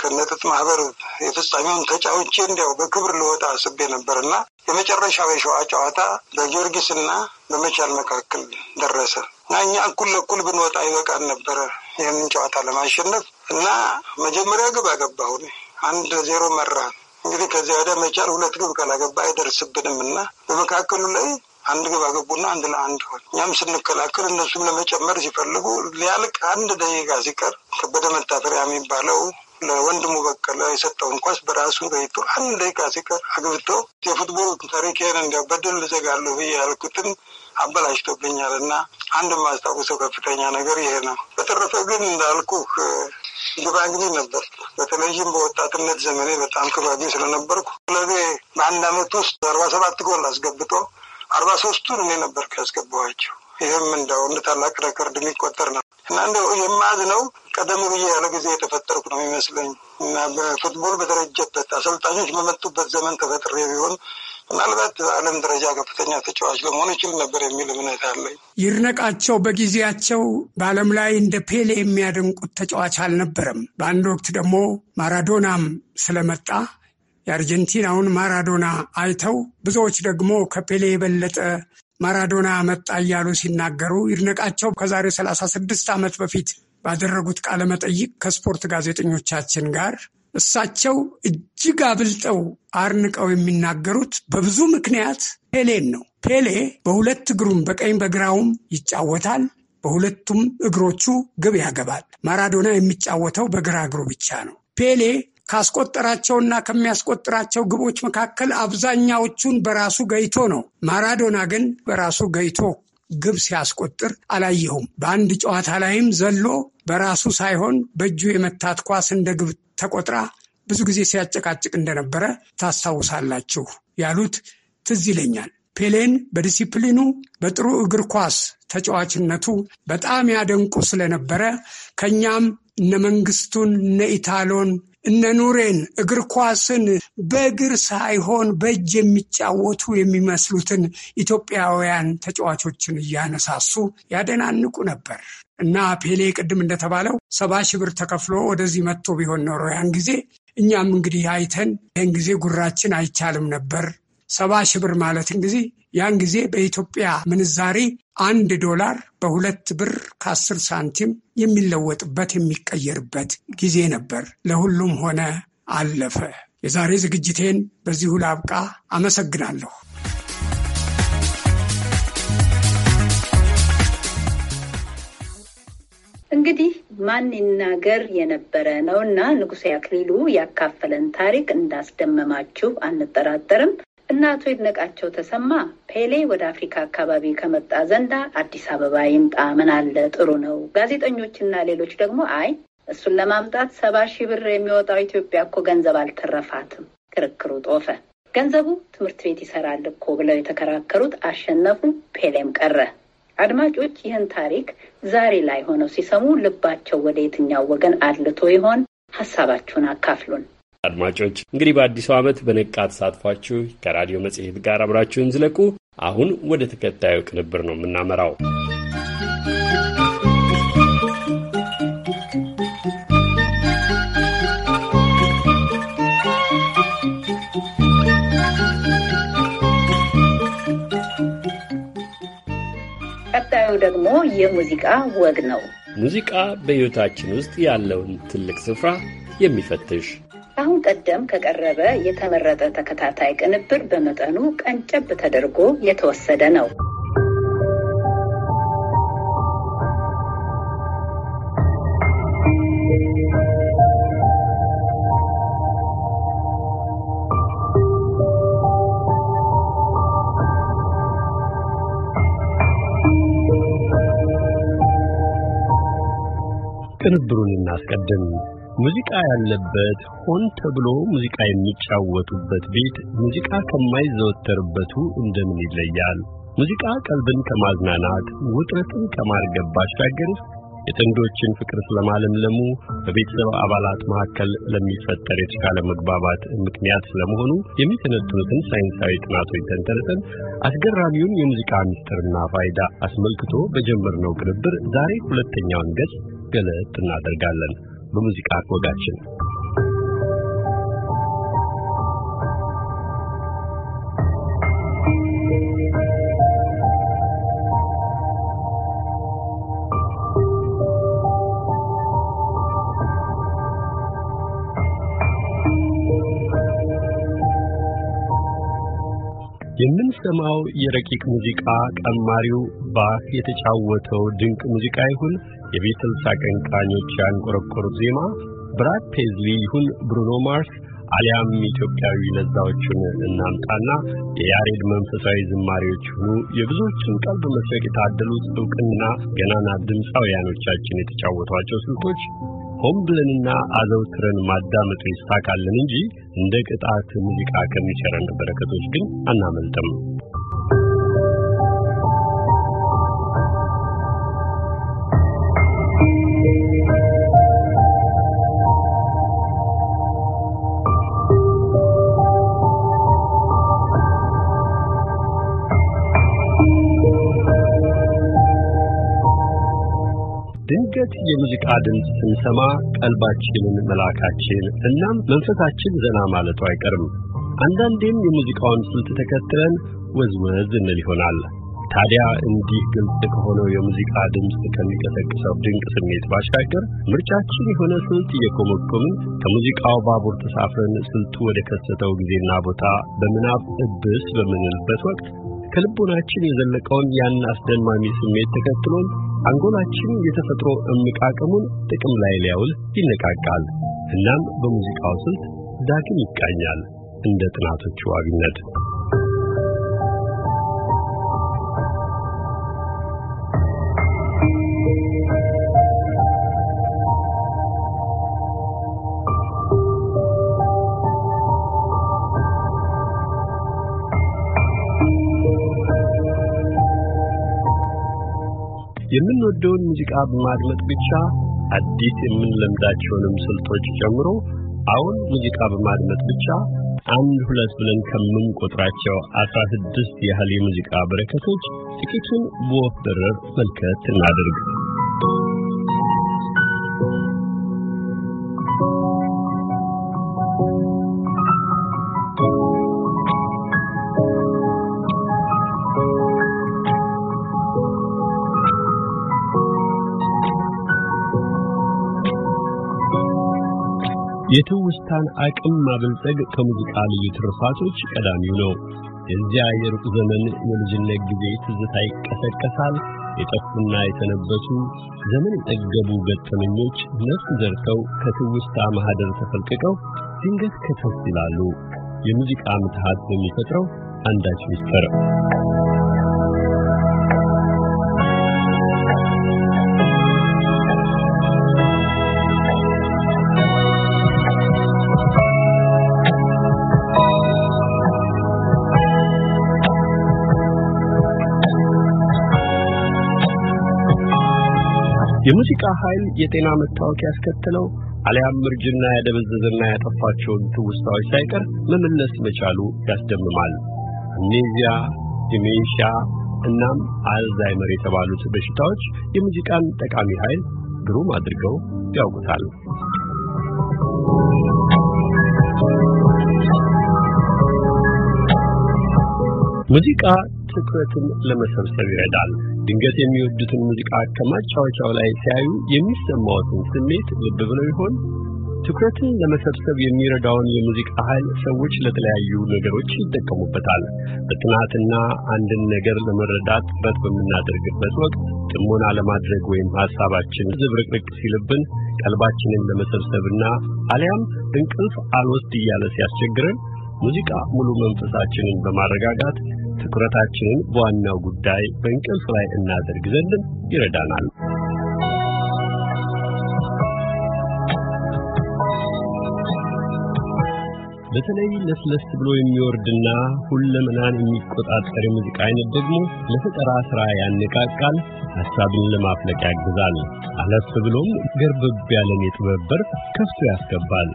Speaker 6: ከነጥጥ ማህበር የፍጻሜውን ተጫውቼ እንዲያው በክብር ልወጣ አስቤ ነበር እና የመጨረሻው የሸዋ ጨዋታ በጊዮርጊስና በመቻል መካከል ደረሰ እና እኛ እኩል ለእኩል ብንወጣ ይበቃን ነበረ ይህንን ጨዋታ ለማሸነፍ እና መጀመሪያ ግብ አገባሁን አንድ ዜሮ መራ። እንግዲህ ከዚያ ወደ መቻል ሁለት ግብ ካላገባ አይደርስብንም እና በመካከሉ ላይ አንድ ግባ ገቡና አንድ ለአንድ ሆን። እኛም ስንከላከል እነሱም ለመጨመር ሲፈልጉ ሊያልቅ አንድ ደቂቃ ሲቀር ከበደ መታፈሪያ የሚባለው ለወንድሙ በቀለ የሰጠውን ኳስ በራሱ ገይቶ አንድ ደቂቃ ሲቀር አግብቶ የፉትቦል ታሪኬን እንዲያው በድል ልዘጋለሁ ብዬ ያልኩትን አበላሽቶብኛል እና አንድ ማስታውሰው ከፍተኛ ነገር ይሄ ነው። በተረፈ ግን እንዳልኩ ግባግቢ ነበር። በተለይም በወጣትነት ዘመኔ በጣም ክባቢ ስለነበርኩ ክለቤ በአንድ አመት ውስጥ አርባ ሰባት ጎል አስገብቶ አርባ ሶስቱን እኔ ነበር ያስገባኋቸው። ይህም እንደው እንደ ታላቅ ረከርድ የሚቆጠር ነው እና እንደው የማዝ ነው ቀደም ብዬ ያለ ጊዜ የተፈጠርኩ ነው የሚመስለኝ እና በፉትቦል በተረጀበት አሰልጣኞች በመጡበት ዘመን ተፈጥሬ ቢሆን ምናልባት በዓለም ደረጃ ከፍተኛ ተጫዋች ለመሆን ይችል ነበር የሚል እምነት አለኝ።
Speaker 5: ይድነቃቸው በጊዜያቸው በዓለም ላይ እንደ ፔሌ የሚያደንቁት ተጫዋች አልነበረም። በአንድ ወቅት ደግሞ ማራዶናም ስለመጣ የአርጀንቲናውን ማራዶና አይተው ብዙዎች ደግሞ ከፔሌ የበለጠ ማራዶና መጣ እያሉ ሲናገሩ ይድነቃቸው ከዛሬ 36 ዓመት በፊት ባደረጉት ቃለ መጠይቅ ከስፖርት ጋዜጠኞቻችን ጋር እሳቸው እጅግ አብልጠው አርንቀው የሚናገሩት በብዙ ምክንያት ፔሌን ነው። ፔሌ በሁለት እግሩም በቀኝ በግራውም ይጫወታል። በሁለቱም እግሮቹ ግብ ያገባል። ማራዶና የሚጫወተው በግራ እግሩ ብቻ ነው። ፔሌ ካስቆጠራቸውና ከሚያስቆጥራቸው ግቦች መካከል አብዛኛዎቹን በራሱ ገይቶ ነው። ማራዶና ግን በራሱ ገይቶ ግብ ሲያስቆጥር አላየሁም። በአንድ ጨዋታ ላይም ዘሎ በራሱ ሳይሆን በእጁ የመታት ኳስ እንደ ግብ ተቆጥራ ብዙ ጊዜ ሲያጨቃጭቅ እንደነበረ ታስታውሳላችሁ ያሉት ትዝ ይለኛል። ፔሌን በዲሲፕሊኑ በጥሩ እግር ኳስ ተጫዋችነቱ በጣም ያደንቁ ስለነበረ ከእኛም እነ መንግስቱን እነ ኢታሎን እነ ኑሬን እግር ኳስን በእግር ሳይሆን በእጅ የሚጫወቱ የሚመስሉትን ኢትዮጵያውያን ተጫዋቾችን እያነሳሱ ያደናንቁ ነበር እና ፔሌ ቅድም እንደተባለው ሰባ ሺህ ብር ተከፍሎ ወደዚህ መጥቶ ቢሆን ኖሮ ያን ጊዜ እኛም እንግዲህ አይተን ይህን ጊዜ ጉራችን አይቻልም ነበር ሰባ ሺህ ብር ማለት እንግዲህ ያን ጊዜ በኢትዮጵያ ምንዛሬ አንድ ዶላር በሁለት ብር ከአስር ሳንቲም የሚለወጥበት የሚቀየርበት ጊዜ ነበር። ለሁሉም ሆነ አለፈ። የዛሬ ዝግጅቴን በዚሁ ላብቃ። አመሰግናለሁ።
Speaker 2: እንግዲህ ማን ይናገር የነበረ ነው እና ንጉሴ አክሊሉ ያካፈለን ታሪክ እንዳስደመማችሁ አንጠራጠርም። እነ አቶ ይድነቃቸው ተሰማ ፔሌ ወደ አፍሪካ አካባቢ ከመጣ ዘንዳ አዲስ አበባ ይምጣ፣ ምን አለ ጥሩ ነው። ጋዜጠኞችና ሌሎች ደግሞ አይ እሱን ለማምጣት ሰባ ሺህ ብር የሚወጣው ኢትዮጵያ እኮ ገንዘብ አልተረፋትም። ክርክሩ ጦፈ። ገንዘቡ ትምህርት ቤት ይሰራል እኮ ብለው የተከራከሩት አሸነፉ፣ ፔሌም ቀረ። አድማጮች ይህን ታሪክ ዛሬ ላይ ሆነው ሲሰሙ ልባቸው ወደ የትኛው ወገን አድልቶ ይሆን? ሀሳባችሁን አካፍሉን።
Speaker 1: አድማጮች እንግዲህ በአዲሱ ዓመት በነቃ ተሳትፏችሁ ከራዲዮ መጽሔት ጋር አብራችሁን ዝለቁ። አሁን ወደ ተከታዩ ቅንብር ነው የምናመራው።
Speaker 2: ቀጣዩ ደግሞ የሙዚቃ ወግ ነው።
Speaker 1: ሙዚቃ በሕይወታችን ውስጥ ያለውን ትልቅ ስፍራ የሚፈትሽ
Speaker 2: ከአሁን ቀደም ከቀረበ የተመረጠ ተከታታይ ቅንብር በመጠኑ ቀንጨብ ተደርጎ የተወሰደ ነው።
Speaker 7: ቅንብሩን እናስቀድም። ሙዚቃ ያለበት ሆን ተብሎ ሙዚቃ የሚጫወቱበት ቤት ሙዚቃ ከማይዘወተርበቱ እንደምን ይለያል? ሙዚቃ ቀልብን ከማዝናናት ውጥረትን ከማርገብ ባሻገር የጥንዶችን ፍቅር ስለማለምለሙ በቤተሰብ አባላት መካከል ለሚፈጠር የተሻለ መግባባት ምክንያት ስለመሆኑ የሚተነትኑትን ሳይንሳዊ ጥናቶች ተንተርሰን አስገራሚውን የሙዚቃ ምስጢርና ፋይዳ አስመልክቶ በጀመርነው ቅንብር ዛሬ ሁለተኛውን ገጽ ገለጥ እናደርጋለን። በሙዚቃ ወጋችን የምንሰማው የረቂቅ ሙዚቃ ቀማሪው ባህ የተጫወተው ድንቅ ሙዚቃ ይሁን የቢትልስ አቀንቃኞች ያንቆረቆሩት ዜማ ብራድ ፔዝሊ ይሁን ብሩኖ ማርስ አሊያም ኢትዮጵያዊ ለዛዎችን እናምጣና የያሬድ መንፈሳዊ ዝማሬዎች ይሁኑ የብዙዎችን ቀልብ መስረቅ የታደሉት እውቅና ገናና ድምፃውያኖቻችን የተጫወቷቸው ስልቶች ሆን ብለንና አዘውትረን ማዳመጡ ይስፋቃለን እንጂ እንደ ቅጣት ሙዚቃ ከሚቸረን በረከቶች ግን አናመልጥም። አይነት የሙዚቃ ድምፅ ስንሰማ ቀልባችንን መልአካችን እናም መንፈሳችን ዘና ማለቱ አይቀርም። አንዳንዴም የሙዚቃውን ስልት ተከትለን ወዝወዝ እንል ይሆናል። ታዲያ እንዲህ ግልጽ ከሆነው የሙዚቃ ድምፅ ከሚቀሰቅሰው ድንቅ ስሜት ባሻገር ምርጫችን የሆነ ስልት እየኮመኮምን ከሙዚቃው ባቡር ተሳፍረን ስልቱ ወደ ከሰተው ጊዜና ቦታ በምናብ እብስ በምንልበት ወቅት ከልቦናችን የዘለቀውን ያን አስደማሚ ስሜት ተከትሎን አንጎላችን የተፈጥሮ እምቃቅሙን ጥቅም ላይ ሊያውል ይነቃቃል። እናም በሙዚቃው ስልት ዳግም ይቃኛል እንደ ጥናቶቹ አብነት የምንወደውን ሙዚቃ በማድመጥ ብቻ አዲስ የምንለምዳቸውንም ስልቶች ጨምሮ አሁን ሙዚቃ በማድመጥ ብቻ አንድ ሁለት ብለን ከምንቆጥራቸው አስራ ስድስት ያህል የሙዚቃ በረከቶች ጥቂቱን በወፍ በረር መልከት እናድርግ። የትውስታን አቅም ማበልጸግ ከሙዚቃ ልዩ ትርፋቶች ቀዳሚው ነው። የዚያ የሩቅ ዘመን የልጅነት ጊዜ ትዝታ ይቀሰቀሳል። የጠፉና የተነበሱ ዘመን የጠገቡ ገጠመኞች ነፍስ ዘርተው ከትውስታ ማህደር ተፈልቅቀው ድንገት ከተፍ ይላሉ። የሙዚቃ ምትሃት በሚፈጥረው አንዳች ሚስጥር የሙዚቃ ኃይል የጤና መታወክ ያስከተለው አሊያም እርጅና ያደበዘዘና ያጠፋቸውን ትውስታዎች ሳይቀር መመለስ መቻሉ ያስደምማል። አምኔዚያ፣ ዲሜንሺያ እናም አልዛይመር የተባሉት በሽታዎች የሙዚቃን ጠቃሚ ኃይል ግሩም አድርገው ያውቁታል። ሙዚቃ ትኩረትን ለመሰብሰብ ይረዳል። ድንገት የሚወዱትን ሙዚቃ ከማጫወቻው ላይ ሲያዩ የሚሰማዎትን ስሜት ልብ ብለው ይሆን? ትኩረትን ለመሰብሰብ የሚረዳውን የሙዚቃ ኃይል ሰዎች ለተለያዩ ነገሮች ይጠቀሙበታል። በጥናትና አንድን ነገር ለመረዳት ጥረት በምናደርግበት ወቅት ጥሞና ለማድረግ ወይም ሐሳባችን ዝብርቅርቅ ሲልብን ቀልባችንን ለመሰብሰብና አሊያም እንቅልፍ አልወስድ እያለ ሲያስቸግረን ሙዚቃ ሙሉ መንፈሳችንን በማረጋጋት ትኩረታችንን በዋናው ጉዳይ በእንቅልፍ ላይ እናደርግ ዘንድ ይረዳናል። በተለይ ለስለስ ብሎ የሚወርድና ሁለመናን የሚቆጣጠር የሙዚቃ አይነት ደግሞ ለፈጠራ ሥራ ያነቃቃል፣ ሐሳብን ለማፍለቅ ያግዛል፣ አለፍ ብሎም ገርበብ ያለን የጥበብ በር ከፍቶ ያስገባል።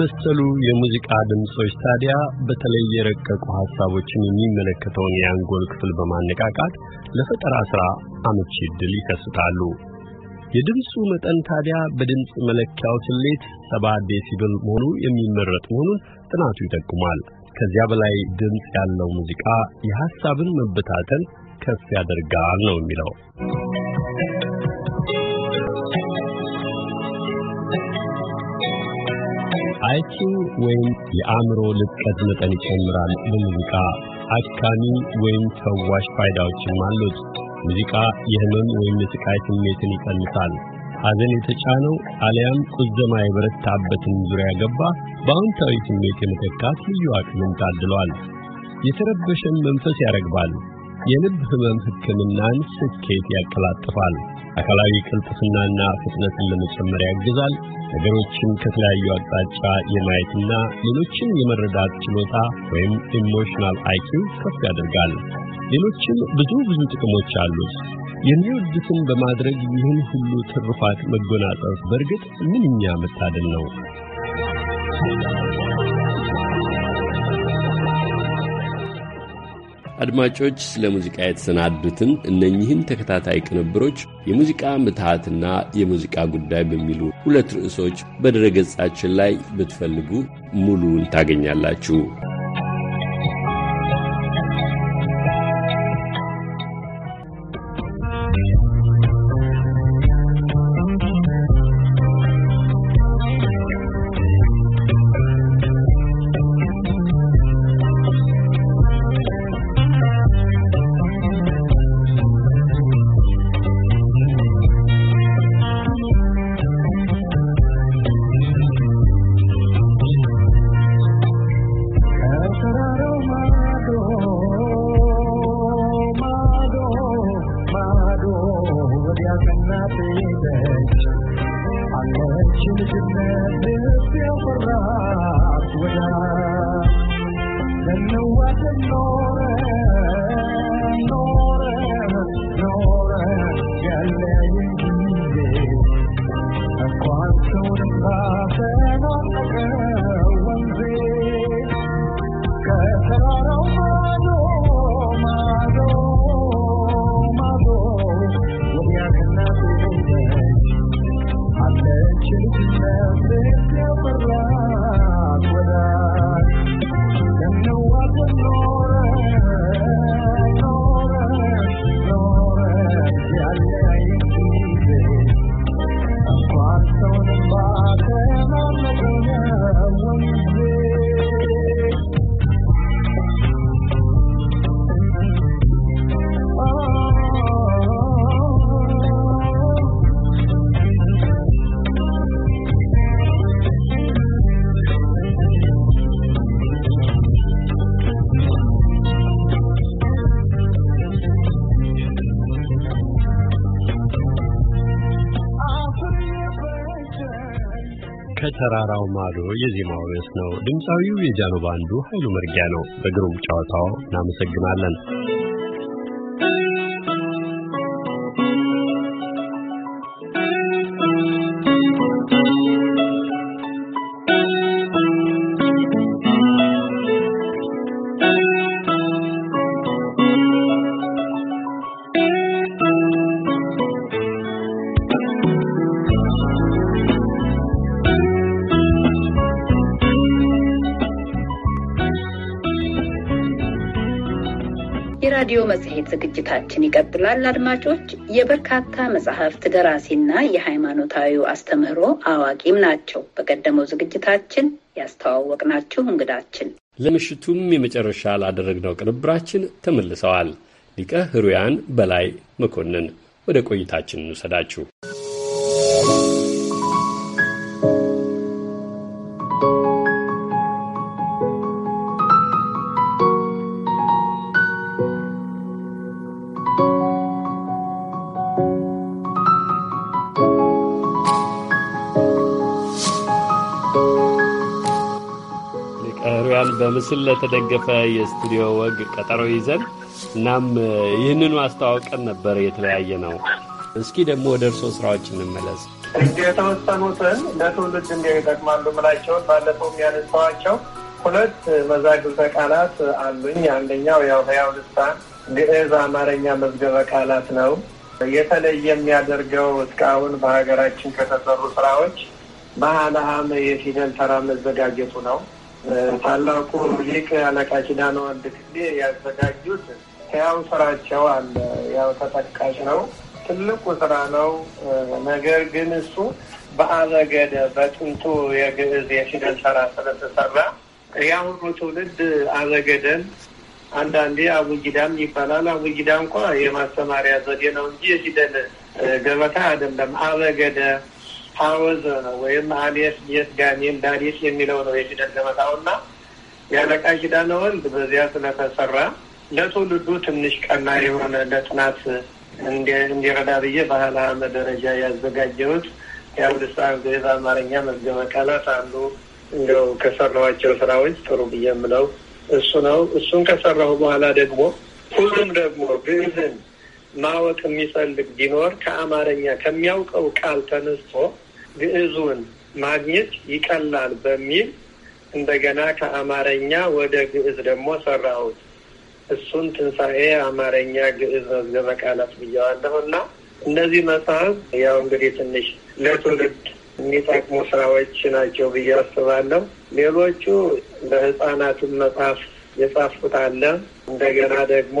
Speaker 7: መሰሉ የሙዚቃ ድምፆች ታዲያ በተለይ የረቀቁ ሀሳቦችን የሚመለከተውን የአንጎል ክፍል በማነቃቃት ለፈጠራ ሥራ አመቺ ዕድል ይከስታሉ። የድምፁ መጠን ታዲያ በድምፅ መለኪያው ስሌት ሰባ ዴሲብል መሆኑ የሚመረጥ መሆኑን ጥናቱ ይጠቁማል። ከዚያ በላይ ድምፅ ያለው ሙዚቃ የሐሳብን መበታተን ከፍ ያደርጋል ነው የሚለው። አይኪው ወይም የአእምሮ ልቀት መጠን ይጨምራል። በሙዚቃ አድካሚ ወይም ፈዋሽ ፋይዳዎችም አሉት። ሙዚቃ የህመም ወይም የስቃይ ስሜትን ይቀንሳል። ሐዘን የተጫነው አሊያም ቁዘማ የበረታበትን ዙሪያ ገባ በአዎንታዊ ስሜት የመተካት ልዩ አቅምን ታድሏል። የተረበሸን መንፈስ ያረግባል። የልብ ህመም ህክምናን ስኬት ያቀላጥፋል። አካላዊ ቅልጥፍናና ፍጥነትን ለመጨመር ያግዛል። ነገሮችን ከተለያዩ አቅጣጫ የማየትና ሌሎችን የመረዳት ችሎታ ወይም ኢሞሽናል አይኪው ከፍ ያደርጋል። ሌሎችም ብዙ ብዙ ጥቅሞች አሉት። የሚወዱትን በማድረግ ይህን ሁሉ ትሩፋት መጎናጸፍ በእርግጥ ምንኛ መታደል ነው። አድማጮች
Speaker 1: ስለ ሙዚቃ የተሰናዱትን እነኚህን ተከታታይ ቅንብሮች የሙዚቃ ምትሃትና የሙዚቃ ጉዳይ በሚሉ ሁለት ርዕሶች በድረገጻችን ላይ ብትፈልጉ ሙሉውን ታገኛላችሁ።
Speaker 7: የዜማው ርዕስ ነው። ድምፃዊው የጃኖ ባንዱ ኃይሉ መርጊያ ነው። በግሩም ጨዋታው እናመሰግናለን።
Speaker 2: ዝግጅታችን ይቀጥላል። አድማጮች፣ የበርካታ መጽሐፍት ደራሲና የሃይማኖታዊ አስተምህሮ አዋቂም ናቸው። በቀደመው ዝግጅታችን ያስተዋወቅናችሁ እንግዳችን
Speaker 1: ለምሽቱም የመጨረሻ ላደረግነው ቅንብራችን ተመልሰዋል። ሊቀ ሕሩያን በላይ መኮንን ወደ ቆይታችን እንውሰዳችሁ። በምስል ለተደገፈ የስቱዲዮ ወግ ቀጠሮ ይዘን እናም ይህንኑ አስተዋውቀን ነበር። የተለያየ ነው። እስኪ ደግሞ ወደ እርሶ ስራዎች እንመለስ።
Speaker 8: እንግዲህ የተወሰኑትን ለትውልድ እንዲህ ይጠቅማሉ ምላቸውን ባለፈው ያነሳዋቸው ሁለት መዛግብተ ቃላት አሉኝ። አንደኛው ያው ህያው ልሳን ግዕዝ አማርኛ መዝገበ ቃላት ነው። የተለየ የሚያደርገው እስካሁን በሀገራችን ከተሰሩ ስራዎች በሀለሀም የፊደል ተራ መዘጋጀቱ ነው። ታላቁ ሊቅ አለቃ ኪዳነ ወልድ ቅዴ ያዘጋጁት ያው ስራቸው አለ። ያው ተጠቃሽ ነው። ትልቁ ስራ ነው። ነገር ግን እሱ በአበገደ በጥንቱ የግዕዝ የፊደል ስራ ስለተሰራ ያ ሁሉ ትውልድ አበገደን አንዳንዴ አቡጊዳም ይባላል። አቡጊዳ እንኳ የማስተማሪያ ዘዴ ነው እንጂ የፊደል ገበታ አይደለም። አበገደ ታወዘ ነው ወይም አሜስ የት ጋሜም ዳዴስ የሚለው ነው የፊደል ገበታው እና የአለቃ ኪዳነ ወልድ በዚያ ስለተሰራ ለትውልዱ ትንሽ ቀና የሆነ ለጥናት እንዲረዳ ብዬ ባህል አመ ደረጃ ያዘጋጀሁት የአብድሳ ዜዛ አማርኛ መዝገበ ቃላት አንዱ እንደው ከሰራኋቸው ስራዎች ጥሩ ብዬ የምለው እሱ ነው። እሱን ከሰራሁ በኋላ ደግሞ ሁሉም ደግሞ ግዕዝን ማወቅ የሚፈልግ ቢኖር ከአማርኛ ከሚያውቀው ቃል ተነስቶ ግዕዙን ማግኘት ይቀላል በሚል እንደገና ከአማረኛ ወደ ግዕዝ ደግሞ ሰራሁት። እሱን ትንሣኤ አማረኛ ግዕዝ መዝገበ ቃላት ብያዋለሁ እና እነዚህ መጽሐፍ ያው እንግዲህ ትንሽ ለትውልድ የሚጠቅሙ ስራዎች ናቸው ብዬ አስባለሁ። ሌሎቹ ለህፃናትም መጽሐፍ የጻፍኩት አለ። እንደገና ደግሞ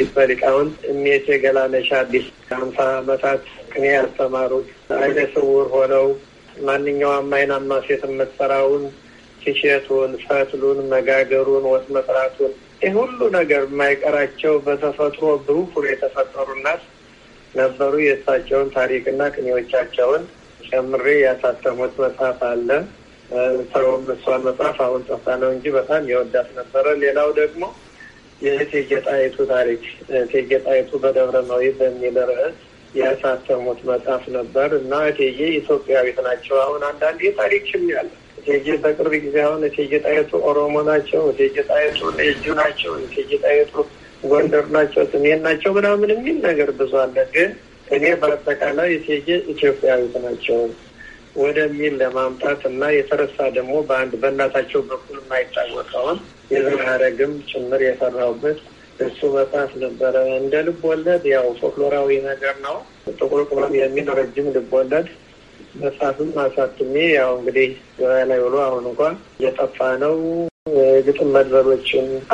Speaker 8: ሊቀ ሊቃውንት እሜቴ ገላነሽ አዲስ ከሀምሳ አመታት ቅኔ ያስተማሩት አይነ ስውር ሆነው ማንኛውም አይናማ ሴት የምትሰራውን ሲሸቱን፣ ፈትሉን፣ መጋገሩን፣ ወጥ መስራቱን ይህ ሁሉ ነገር የማይቀራቸው በተፈጥሮ ብሩህ የተፈጠሩናት የተፈጠሩ እናት ነበሩ። የእሳቸውን ታሪክና ቅኔዎቻቸውን ጨምሬ ያሳተሙት መጽሐፍ አለ። ሰውም እሷን መጽሐፍ አሁን ጠፋ ነው እንጂ በጣም የወዳት ነበረ። ሌላው ደግሞ የእቴጌ ጣይቱ ታሪክ እቴጌ ጣይቱ በደብረ መዊ በሚል ርዕስ ያሳተሙት መጽሐፍ ነበር እና እቴጌ ኢትዮጵያዊት ናቸው። አሁን አንዳንድ የታሪክ ሽም ያለ እቴጌ በቅርብ ጊዜ አሁን እቴጌ ጣይቱ ኦሮሞ ናቸው፣ እቴጌ ጣይቱ እጁ ናቸው፣ እቴጌ ጣይቱ ጎንደር ናቸው፣ ስሜን ናቸው ምናምን የሚል ነገር ብዙ አለ። ግን እኔ በአጠቃላይ እቴጌ ኢትዮጵያዊት ናቸው ወደሚል ለማምጣት እና የተረሳ ደግሞ በአንድ በእናታቸው በኩል የማይታወቀውን የዘር ሐረግም ጭምር የሰራውበት እሱ መጽሐፍ ነበረ። እንደ ልብ ወለድ ያው ፎክሎራዊ ነገር ነው። ጥቁር ቁራብ የሚል ረጅም ልብ ወለድ መጽሐፍም አሳትሜ ያው እንግዲህ ገበያ ላይ ብሎ አሁን እንኳን እየጠፋ ነው። ግጥም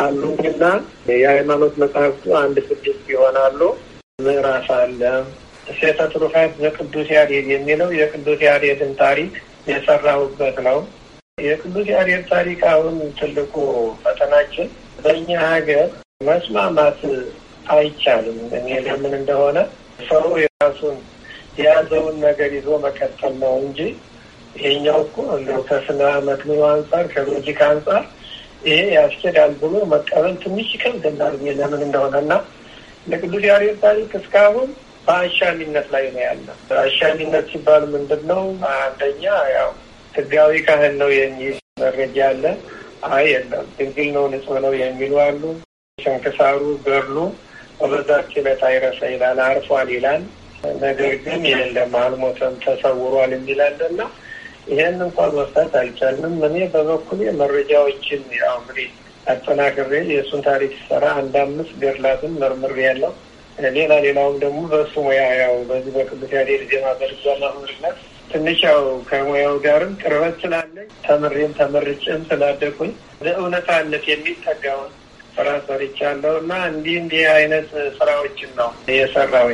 Speaker 8: አሉ እና የሃይማኖት መጽሐፍቱ አንድ ስድስት ይሆናሉ። ምዕራፍ አለ ሴተ ትሩፋት በቅዱስ ያሬድ የሚለው የቅዱስ ያሬድን ታሪክ የሰራሁበት ነው። የቅዱስ ያሬድ ታሪክ አሁን ትልቁ ፈተናችን በእኛ ሀገር መስማማት አይቻልም። እኔ ለምን እንደሆነ ሰው የራሱን የያዘውን ነገር ይዞ መቀጠል ነው እንጂ ይሄኛው እኮ እንደው ከስነ መክንዮ አንጻር ከሎጂክ አንጻር ይሄ ያስኬዳል ብሎ መቀበል ትንሽ ይከብድናል። ለምን እንደሆነ እና ለቅዱስ ያሬድ ታሪክ እስካሁን በአሻሚነት ላይ ነው ያለ። አሻሚነት ሲባል ምንድን ነው? አንደኛ ያው ህጋዊ ካህን ነው የሚል መረጃ አለ። አይ የለም ድንግል ነው ንጹህ ነው የሚሉ አሉ። ስንክሳሩ ገድሉ በበዛች ዕለት አይረሳ ይላል፣ አርፏል ይላል። ነገር ግን የለም አልሞተም፣ ተሰውሯል የሚላለ ና ይህን እንኳን መስጠት አልቻልንም። እኔ በበኩሌ መረጃዎችን ያው እንግዲህ አጠናክሬ የእሱን ታሪክ ሲሰራ አንድ አምስት ገድላትን መርምር ያለው ሌላ ሌላውም ደግሞ በእሱ ሙያ ያው በዚህ በቅዱስ ያሬድ ዜማ በልጓና ምርነት ትንሽ ያው ከሙያው ጋርም ቅርበት ስላለኝ ተምሬም ተመርጬም ስላደኩኝ ለእውነታነት የሚጠጋውን ስራ ሰርቻለሁ እና እንዲህ እንዲህ አይነት ስራዎችን ነው የሰራው።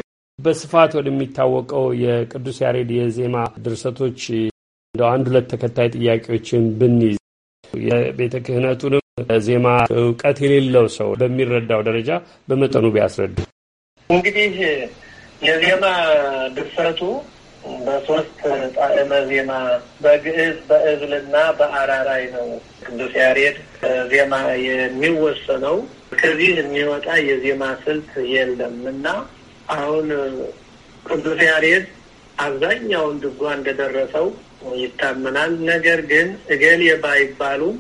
Speaker 1: በስፋት ወደሚታወቀው የቅዱስ ያሬድ የዜማ ድርሰቶች እንደ አንድ ሁለት ተከታይ ጥያቄዎችን ብንይዝ የቤተ ክህነቱንም ዜማ እውቀት የሌለው ሰው በሚረዳው ደረጃ በመጠኑ ቢያስረዱ።
Speaker 8: እንግዲህ የዜማ ድርሰቱ በሶስት ጣዕመ ዜማ በግዕዝ በእብልና በአራራይ ነው ቅዱስ ያሬድ ዜማ የሚወሰነው። ከዚህ የሚወጣ የዜማ ስልት የለም እና አሁን ቅዱስ ያሬድ አብዛኛውን ድጓ እንደደረሰው ይታመናል። ነገር ግን እገሌ ባይባሉም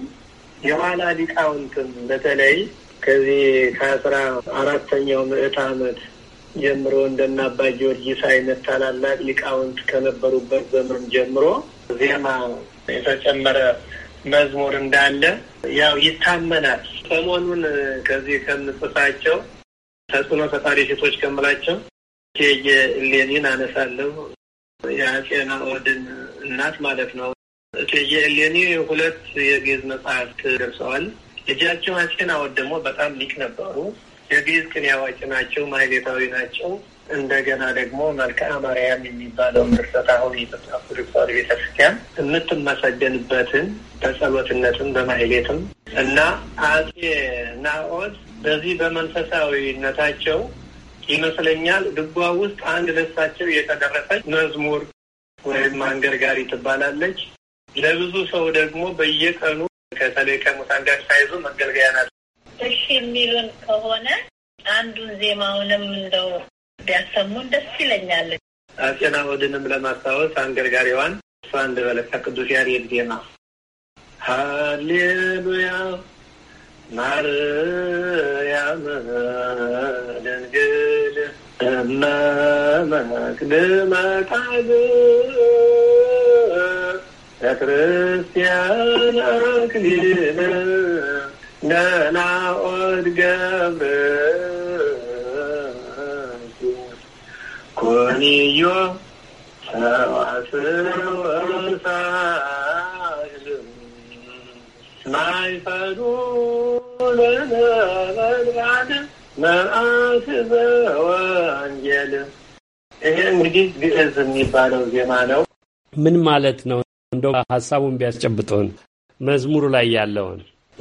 Speaker 8: የኋላ ሊቃውንትም በተለይ ከዚህ ከአስራ አራተኛው ምዕት ዓመት ጀምሮ እንደና አባ ጊዮርጊስ አይነት ታላላቅ ሊቃውንት ከነበሩበት ዘመን ጀምሮ ዜማ የተጨመረ መዝሙር እንዳለ ያው ይታመናል። ሰሞኑን ከዚህ ከምጽፋቸው ተጽዕኖ ፈጣሪ ሴቶች ከምላቸው ቴየ እሌኒን አነሳለሁ። የአጼ ናኦድን እናት ማለት ነው። ቴየ እሌኒ ሁለት የግዕዝ መጽሐፍት ደርሰዋል። ልጃቸው አጼ ናኦድ ደግሞ በጣም ሊቅ ነበሩ። የግዕዝ ቅኔ አዋቂ ናቸው፣ ማህሌታዊ ናቸው። እንደገና ደግሞ መልክዓ ማርያም የሚባለው ድርሰት አሁን የኢትዮጵያ ኦርቶዶክስ ቤተክርስቲያን የምትመሰገንበትን በጸሎትነትም በማህሌትም እና አጼ ናኦድ በዚህ በመንፈሳዊነታቸው ይመስለኛል ድጓ ውስጥ አንድ ደሳቸው የተደረሰች መዝሙር ወይም አንገርጋሪ ትባላለች። ለብዙ ሰው ደግሞ በየቀኑ ከተለይ ከሙታን ጋር መገልገያ ናት።
Speaker 2: እሺ የሚሉን ከሆነ አንዱን ዜማውንም እንደው ቢያሰሙን ደስ ይለኛል።
Speaker 8: አጼ ወድንም ለማስታወስ አንገርጋሪዋን እሷ እንደበለታ ቅዱስ ያሬድ ዜማ ሃሌሉያ ማርያም ድንግል እመ መቅድመ ታግእ ለክርስቲያን አክሊል ገናኦት ገብረኪ ኮንዮ ሰዋስር እንግዲህ ግዕዝ የሚባለው ዜማ ነው።
Speaker 1: ምን ማለት ነው? እንደው ሀሳቡን ቢያስጨብጡን መዝሙሩ ላይ ያለውን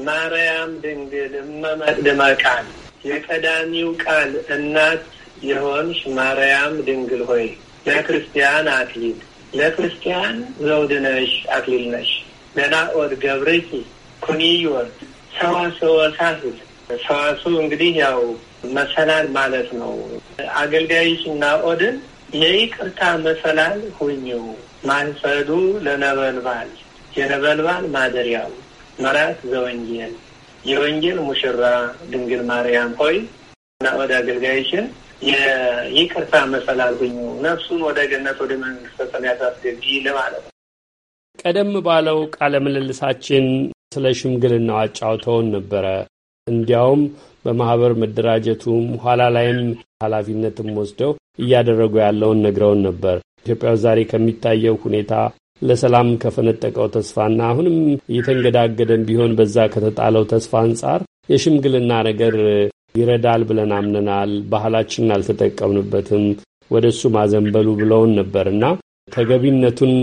Speaker 8: ማርያም ድንግል እመመቅድመ ቃል የቀዳሚው ቃል እናት የሆንሽ ማርያም ድንግል ሆይ ለክርስቲያን አክሊል ለክርስቲያን ዘውድ ነሽ፣ አክሊል ነሽ። ለናኦድ ገብርኪ ኩኒ ወርድ ሰዋስወ ሳስት ሰዋሱ እንግዲህ ያው መሰላል ማለት ነው። አገልጋይሽ ናኦድን የይቅርታ መሰላል ሁኚው፣ ማንፈዱ ለነበልባል የነበልባል ማደሪያው መራት ዘወንጌል የወንጌል ሙሽራ ድንግል ማርያም ሆይ እና ወደ አገልጋይሽን የይቅርታ መሰል ሁኙ፣ ነፍሱን ወደ ገነት ወደ መንግስተ ሰማያት አስገቢ ለማለት ነው።
Speaker 1: ቀደም ባለው ቃለ ምልልሳችን ስለ ሽምግልና አጫውተውን ነበረ። እንዲያውም በማህበር መደራጀቱም ኋላ ላይም ኃላፊነትም ወስደው እያደረጉ ያለውን ነግረውን ነበር። ኢትዮጵያ ዛሬ ከሚታየው ሁኔታ ለሰላም ከፈነጠቀው ተስፋና አሁንም እየተንገዳገደን ቢሆን በዛ ከተጣለው ተስፋ አንጻር የሽምግልና ነገር ይረዳል ብለን አምነናል። ባህላችንን አልተጠቀምንበትም ወደ እሱ ማዘንበሉ ብለውን ነበር እና ተገቢነቱን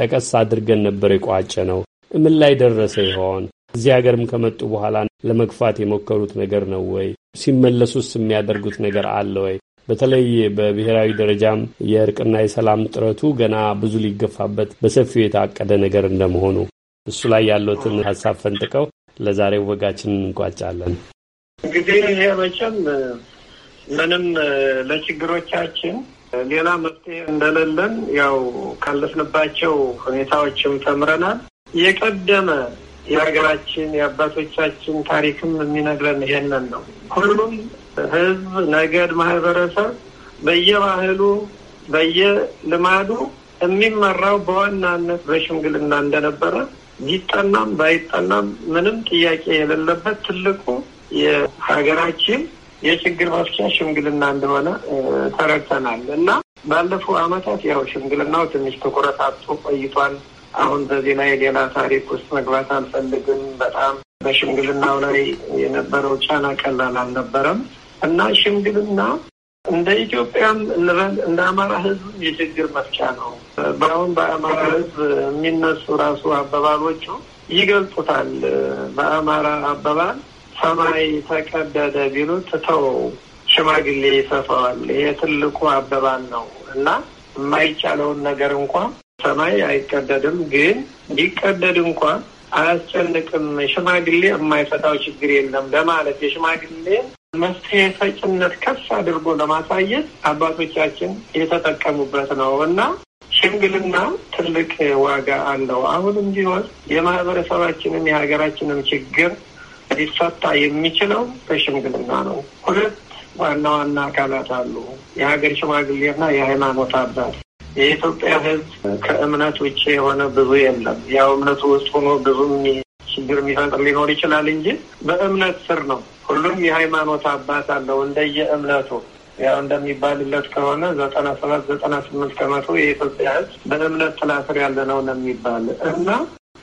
Speaker 1: ጠቀስ አድርገን ነበር የቋጨ ነው። ምን ላይ ደረሰ ይሆን? እዚህ ሀገርም ከመጡ በኋላ ለመግፋት የሞከሩት ነገር ነው ወይ? ሲመለሱስ የሚያደርጉት ነገር አለ ወይ? በተለይ በብሔራዊ ደረጃም የእርቅና የሰላም ጥረቱ ገና ብዙ ሊገፋበት በሰፊው የታቀደ ነገር እንደመሆኑ እሱ ላይ ያለትን ሀሳብ ፈንጥቀው ለዛሬው ወጋችን እንቋጫለን።
Speaker 8: እንግዲህ ይሄ መቼም ምንም ለችግሮቻችን ሌላ መፍትሄ እንደሌለን ያው ካለፍንባቸው ሁኔታዎችም ተምረናል። የቀደመ የሀገራችን የአባቶቻችን ታሪክም የሚነግረን ይሄንን ነው። ሁሉም ህዝብ፣ ነገድ፣ ማህበረሰብ በየባህሉ በየልማዱ የሚመራው በዋናነት በሽምግልና እንደነበረ ቢጠናም ባይጠናም ምንም ጥያቄ የሌለበት ትልቁ የሀገራችን የችግር መፍቻ ሽምግልና እንደሆነ ተረድተናል እና ባለፉ ዓመታት ያው ሽምግልናው ትንሽ ትኩረት አጥቶ ቆይቷል። አሁን በዚህ ላይ ሌላ ታሪክ ውስጥ መግባት አልፈልግም። በጣም በሽምግልናው ላይ የነበረው ጫና ቀላል አልነበረም። እና ሽምግልና እንደ ኢትዮጵያም እንበል እንደ አማራ ህዝብ የችግር መፍቻ ነው። በአሁን በአማራ ህዝብ የሚነሱ ራሱ አባባሎቹ ይገልጡታል። በአማራ አባባል ሰማይ ተቀደደ ቢሉ ትተው ሽማግሌ ይሰፋዋል። ይሄ ትልቁ አባባል ነው እና የማይቻለውን ነገር እንኳ ሰማይ አይቀደድም፣ ግን ቢቀደድ እንኳን አያስጨንቅም። ሽማግሌ የማይፈታው ችግር የለም ለማለት የሽማግሌ መፍትሄ ሰጭነት ከፍ አድርጎ ለማሳየት አባቶቻችን የተጠቀሙበት ነው እና ሽምግልና ትልቅ ዋጋ አለው። አሁንም ቢሆን የማህበረሰባችንም የሀገራችንም ችግር ሊፈታ የሚችለው በሽምግልና ነው። ሁለት ዋና ዋና አካላት አሉ፣ የሀገር ሽማግሌና የሃይማኖት አባት። የኢትዮጵያ ሕዝብ ከእምነት ውጭ የሆነ ብዙ የለም። ያው እምነቱ ውስጥ ሆኖ ብዙም ችግር የሚፈጥር ሊኖር ይችላል እንጂ በእምነት ስር ነው ሁሉም የሃይማኖት አባት አለው እንደየ እምነቱ ያው እንደሚባልለት ከሆነ ዘጠና ሰባት ዘጠና ስምንት ከመቶ የኢትዮጵያ ሕዝብ በእምነት ጥላ ስር ያለ ነው ነው የሚባል እና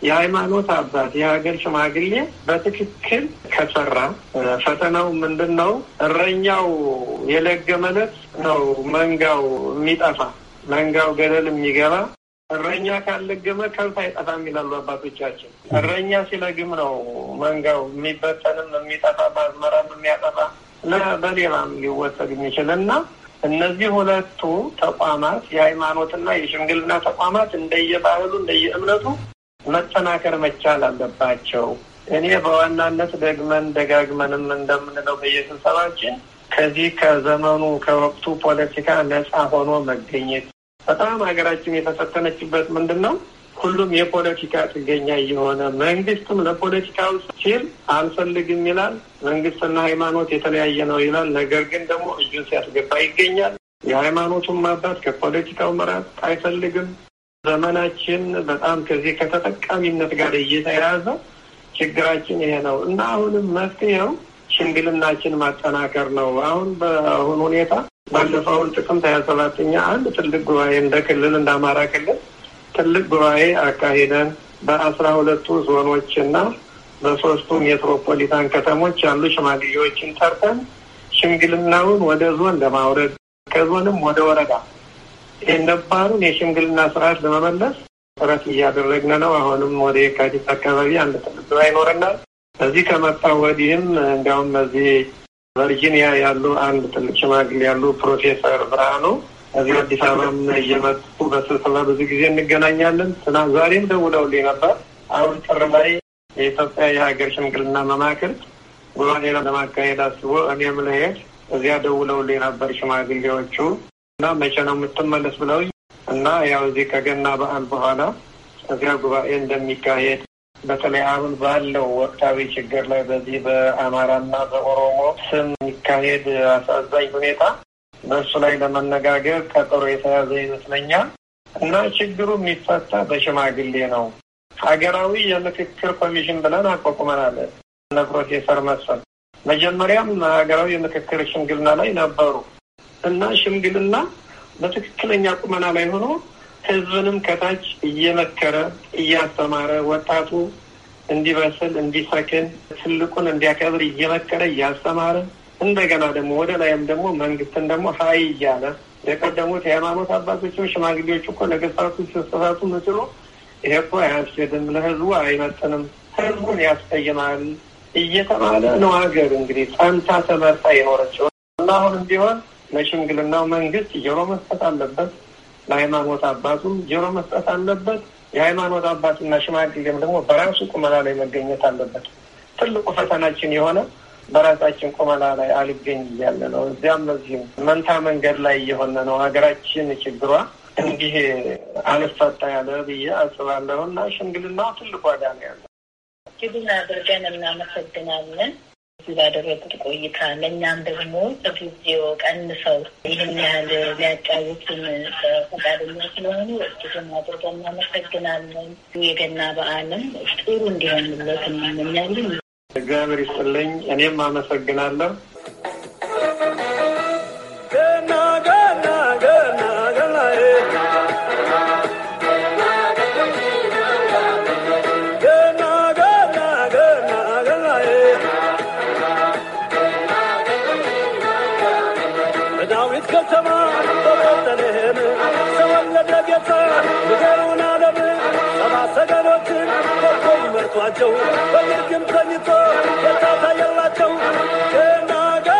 Speaker 8: የሃይማኖት አባት የሀገር ሽማግሌ በትክክል ከሰራ ፈተናው ምንድን ነው? እረኛው የለገመለት ነው መንጋው የሚጠፋ መንጋው ገደል የሚገባ እረኛ ካልለገመ ከብት አይጠፋም ይላሉ አባቶቻችን። እረኛ ሲለግም ነው መንጋው የሚበተንም የሚጠፋ በአዝመራም የሚያጠፋ እና በሌላም ሊወሰድ የሚችል እና እነዚህ ሁለቱ ተቋማት የሃይማኖትና የሽምግልና ተቋማት እንደየባህሉ እንደየእምነቱ መጠናከር መቻል አለባቸው። እኔ በዋናነት ደግመን ደጋግመንም እንደምንለው በየስብሰባችን ከዚህ ከዘመኑ ከወቅቱ ፖለቲካ ነጻ ሆኖ መገኘት በጣም ሀገራችን የተፈተነችበት ምንድን ነው? ሁሉም የፖለቲካ ጥገኛ እየሆነ መንግስትም ለፖለቲካው ሲል አልፈልግም ይላል። መንግስትና ሃይማኖት የተለያየ ነው ይላል። ነገር ግን ደግሞ እጁን ሲያስገባ ይገኛል። የሃይማኖቱም ማባት ከፖለቲካው መራቅ አይፈልግም። ዘመናችን በጣም ከዚህ ከተጠቃሚነት ጋር እየተያያዘ ችግራችን ይሄ ነው እና አሁንም መፍትሄው ሽንግልናችን ማጠናከር ነው። አሁን በአሁን ሁኔታ ባለፈውን ጥቅምት ሀያ ሰባተኛ አንድ ትልቅ ጉባኤ እንደ ክልል እንደ አማራ ክልል ትልቅ ጉባኤ አካሂደን በአስራ ሁለቱ ዞኖች እና በሶስቱ ሜትሮፖሊታን ከተሞች ያሉ ሽማግሌዎችን ጠርተን ሽምግልናውን ወደ ዞን ለማውረድ ከዞንም ወደ ወረዳ የነባሩን የሽምግልና ስርዓት ለመመለስ ጥረት እያደረግን ነው። አሁንም ወደ የካቲት አካባቢ አንድ ትልቅ ጉባኤ ይኖረናል። እዚህ ከመጣው ወዲህም እንዲያውም በዚህ ቨርጂኒያ ያሉ አንድ ትልቅ ሽማግሌ ያሉ ፕሮፌሰር ብርሃኑ እዚህ አዲስ አበባም እየመጡ በስብሰባ ብዙ ጊዜ እንገናኛለን። ትናንት ዛሬም ደውለውልኝ ነበር። አሁን ጥር ላይ የኢትዮጵያ የሀገር ሽምግልና መማክርት ጉባኤ ለማካሄድ አስቦ እኔም ልሄድ እዚያ ደውለውልኝ ነበር ሽማግሌዎቹ እና መቼ ነው የምትመለስ ብለው እና ያው እዚህ ከገና በዓል በኋላ እዚያ ጉባኤ እንደሚካሄድ በተለይ አሁን ባለው ወቅታዊ ችግር ላይ በዚህ በአማራና በኦሮሞ ስም የሚካሄድ አሳዛኝ ሁኔታ በእሱ ላይ ለመነጋገር ቀጠሮ የተያዘ ይመስለኛል እና ችግሩ የሚፈታ በሽማግሌ ነው። ሀገራዊ የምክክር ኮሚሽን ብለን አቋቁመናል። እነ ፕሮፌሰር መስፍን መጀመሪያም ሀገራዊ የምክክር ሽምግልና ላይ ነበሩ እና ሽምግልና በትክክለኛ ቁመና ላይ ሆኖ ህዝብንም ከታች እየመከረ እያስተማረ ወጣቱ እንዲበስል እንዲሰክን ትልቁን እንዲያከብር እየመከረ እያስተማረ እንደገና ደግሞ ወደ ላይም ደግሞ መንግስትን ደግሞ ሀይ እያለ የቀደሙት የሃይማኖት አባቶችም ሽማግሌዎች እኮ ነገስታቱ ሲሰሳቱ ምስሎ ይሄ እኮ አያስኬድም፣ ለህዝቡ አይመጥንም፣ ህዝቡን ያስቀይማል እየተባለ ነው ሀገር እንግዲህ ጸንታ ተመርታ የኖረችው እና አሁንም ቢሆን ለሽምግልናው መንግስት እየሮ መስጠት አለበት። ለሃይማኖት አባቱም ጆሮ መስጠት አለበት። የሃይማኖት አባትና ሽማግሌም ደግሞ በራሱ ቁመና ላይ መገኘት አለበት። ትልቁ ፈተናችን የሆነ በራሳችን ቁመና ላይ አልገኝ እያለ ነው። እዚያም በዚህም መንታ መንገድ ላይ እየሆነ ነው። ሀገራችን ችግሯ እንዲህ አልፈታ ያለ ብዬ አስባለሁ እና ሽምግልና ትልቅ ዋጋ ነው ያለው።
Speaker 2: እጅጉን አድርገን እናመሰግናለን። ባደረጉት ቆይታ ለእኛም ደግሞ በጊዜው ቀንሰው ይህን ያህል ሊያጫውቱን ፈቃደኛ ስለሆኑ እጅግን አድርገ እናመሰግናለን። የገና በዓልም
Speaker 8: ጥሩ እንዲሆንለት እናመኛለን። እግዚአብሔር ይስጥልኝ። እኔም አመሰግናለሁ።
Speaker 9: የላቸው በግርግም ተኝቶ በታታ የላቸው ገና ገና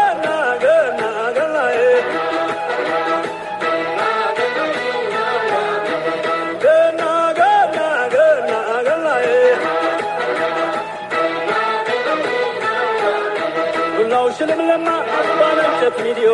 Speaker 9: ሽልምለማ ባለንጨት ሚዲዮ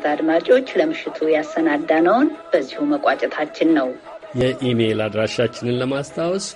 Speaker 2: ቤት አድማጮች፣ ለምሽቱ ያሰናዳነውን በዚሁ መቋጨታችን ነው።
Speaker 1: የኢሜይል አድራሻችንን ለማስታወስ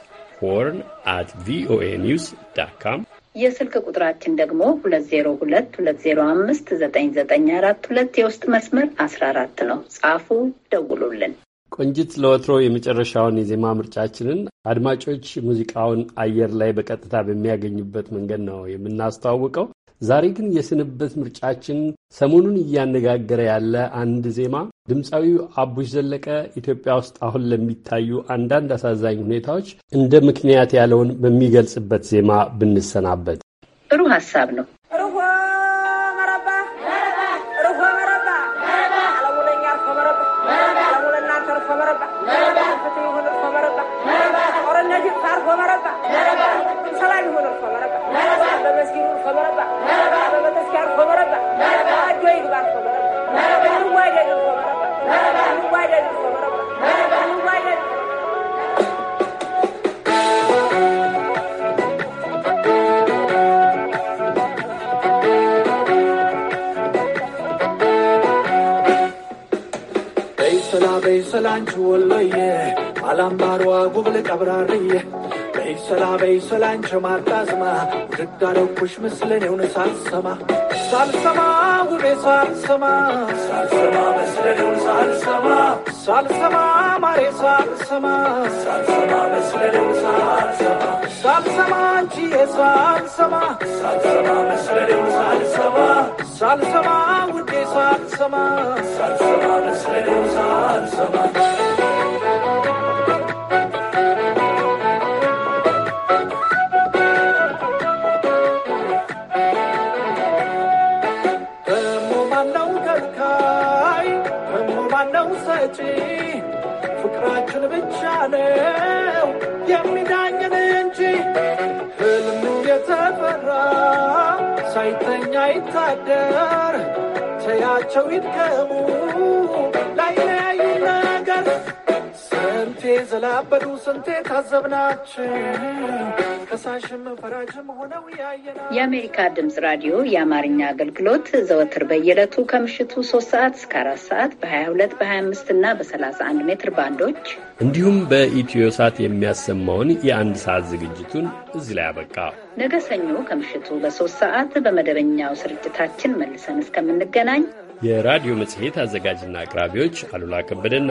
Speaker 1: ሆርን አት ቪኦኤ ኒውስ ዳት ካም፣
Speaker 2: የስልክ ቁጥራችን ደግሞ 2022059942 የውስጥ መስመር 14 ነው። ጻፉ፣ ደውሉልን።
Speaker 1: ቆንጅት፣ ለወትሮ የመጨረሻውን የዜማ ምርጫችንን አድማጮች ሙዚቃውን አየር ላይ በቀጥታ በሚያገኙበት መንገድ ነው የምናስተዋውቀው። ዛሬ ግን የስንበት ምርጫችን ሰሞኑን እያነጋገረ ያለ አንድ ዜማ ድምፃዊው አቡሽ ዘለቀ ኢትዮጵያ ውስጥ አሁን ለሚታዩ አንዳንድ አሳዛኝ ሁኔታዎች እንደ ምክንያት ያለውን በሚገልጽበት ዜማ ብንሰናበት ጥሩ ሀሳብ ነው።
Speaker 9: ሰላንች ወሎዬ አላምባሯ ጉብል ቀብራርዬ በይሰላ በይሰላንች ማጣዝማ ውድድ አረኩሽ ምስልን የውንሳል ሰማ ሳልሰማ ውሌ ሳልሰማ ሳልሰማ መስለሉን ሳልሰማ ሳልሰማ ማሬ ሳልሰማ ሳልሰማ መስለሉን ሳልሰማ ሳልሰማ አንቺዬ ሳልሰማ ሳልሰማ መስለሉን ሳልሰማ ሳልሰማ ውዴ ሳልሰማ ሳልሰማ መስለሉን ሳልሰማ ሳይታደር ቸያቸው ይድከሙ ላይለያዩ ነገር ዘላበዱ ስንቴ ታዘብናችሁ ከሳሽም ፈራጅም ሆነው ያየና
Speaker 2: የአሜሪካ ድምፅ ራዲዮ የአማርኛ አገልግሎት ዘወትር በየዕለቱ ከምሽቱ ሶስት ሰዓት እስከ አራት ሰዓት በሀያ ሁለት በሀያ አምስት እና በሰላሳ አንድ ሜትር ባንዶች
Speaker 1: እንዲሁም በኢትዮ ሳት የሚያሰማውን የአንድ ሰዓት ዝግጅቱን እዚህ ላይ አበቃ።
Speaker 2: ነገ ሰኞ ከምሽቱ በሶስት ሰዓት በመደበኛው ስርጭታችን መልሰን እስከምንገናኝ
Speaker 1: የራዲዮ መጽሔት አዘጋጅና አቅራቢዎች አሉላ ከበደና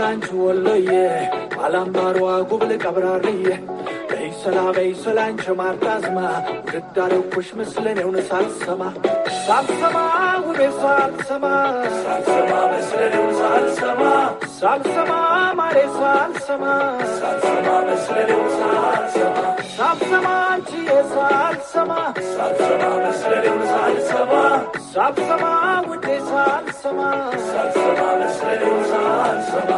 Speaker 9: ላንቺ ወሎዬ ባላምባሯ ጉብል ቀብራርዬ ሰላበይ ስላንቺ ማርታዝማ ውድዳለኩሽ ምስልን የውን ሳልሰማ ሳልሰማ ውቤ ሳልሰማ ሳልሰማ መስለን ሳልሰማ ሳልሰማ ማሬ ሳልሰማ ሳልሰማ መስለን ሳልሰማ ሳልሰማ አንቺዬ ሳልሰማ ሳልሰማ መስለን ሳልሰማ ሳልሰማ ውዴ ሳልሰማ ሳልሰማ መስለን ሳልሰማ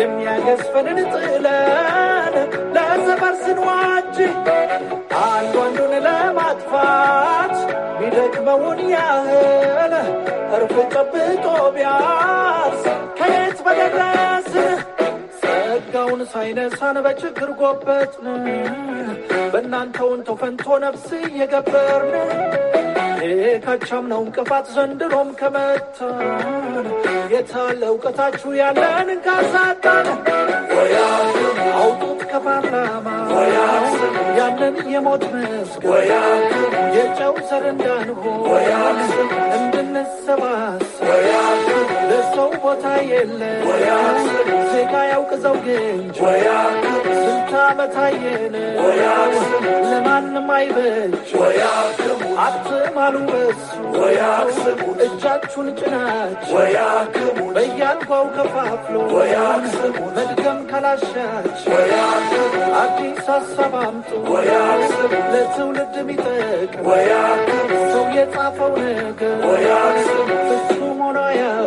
Speaker 9: የሚያገዝፈንን ጥለን ለዘፈር ስንዋጅ አንዱ አንዱን ለማጥፋት ሚደክመውን ያህል እርፍ ጨብጦ ቢያርስ ከየት በደረስን ጸጋውን ሳይነሳን በችግር ጎበጥን በእናንተውን ተፈንቶ ነፍስ እየገበርን ካቻም ነው እንቅፋት ዘንድሮም ከመታን የታለ እውቀታችሁ ያለን ካሳጣን አውጡት ከፓርላማ ያንን የሞት መስገ የጨው ዘር እንዳንሆን እንድንሰባሰብ ቦታ የለ ዜጋ ያውቅ ዘው ግን ስንት ዓመት አየነ ለማንም አይበጅ አትማሉ በሱ እጃችሁን ጭናች በያልጓው ከፋፍሎ መድገም ከላሻች አዲስ ሀሳብ አምጡ ለትውልድ የሚጠቅም ሰው የጻፈው ነገር ፍጹም ሆኖ ያ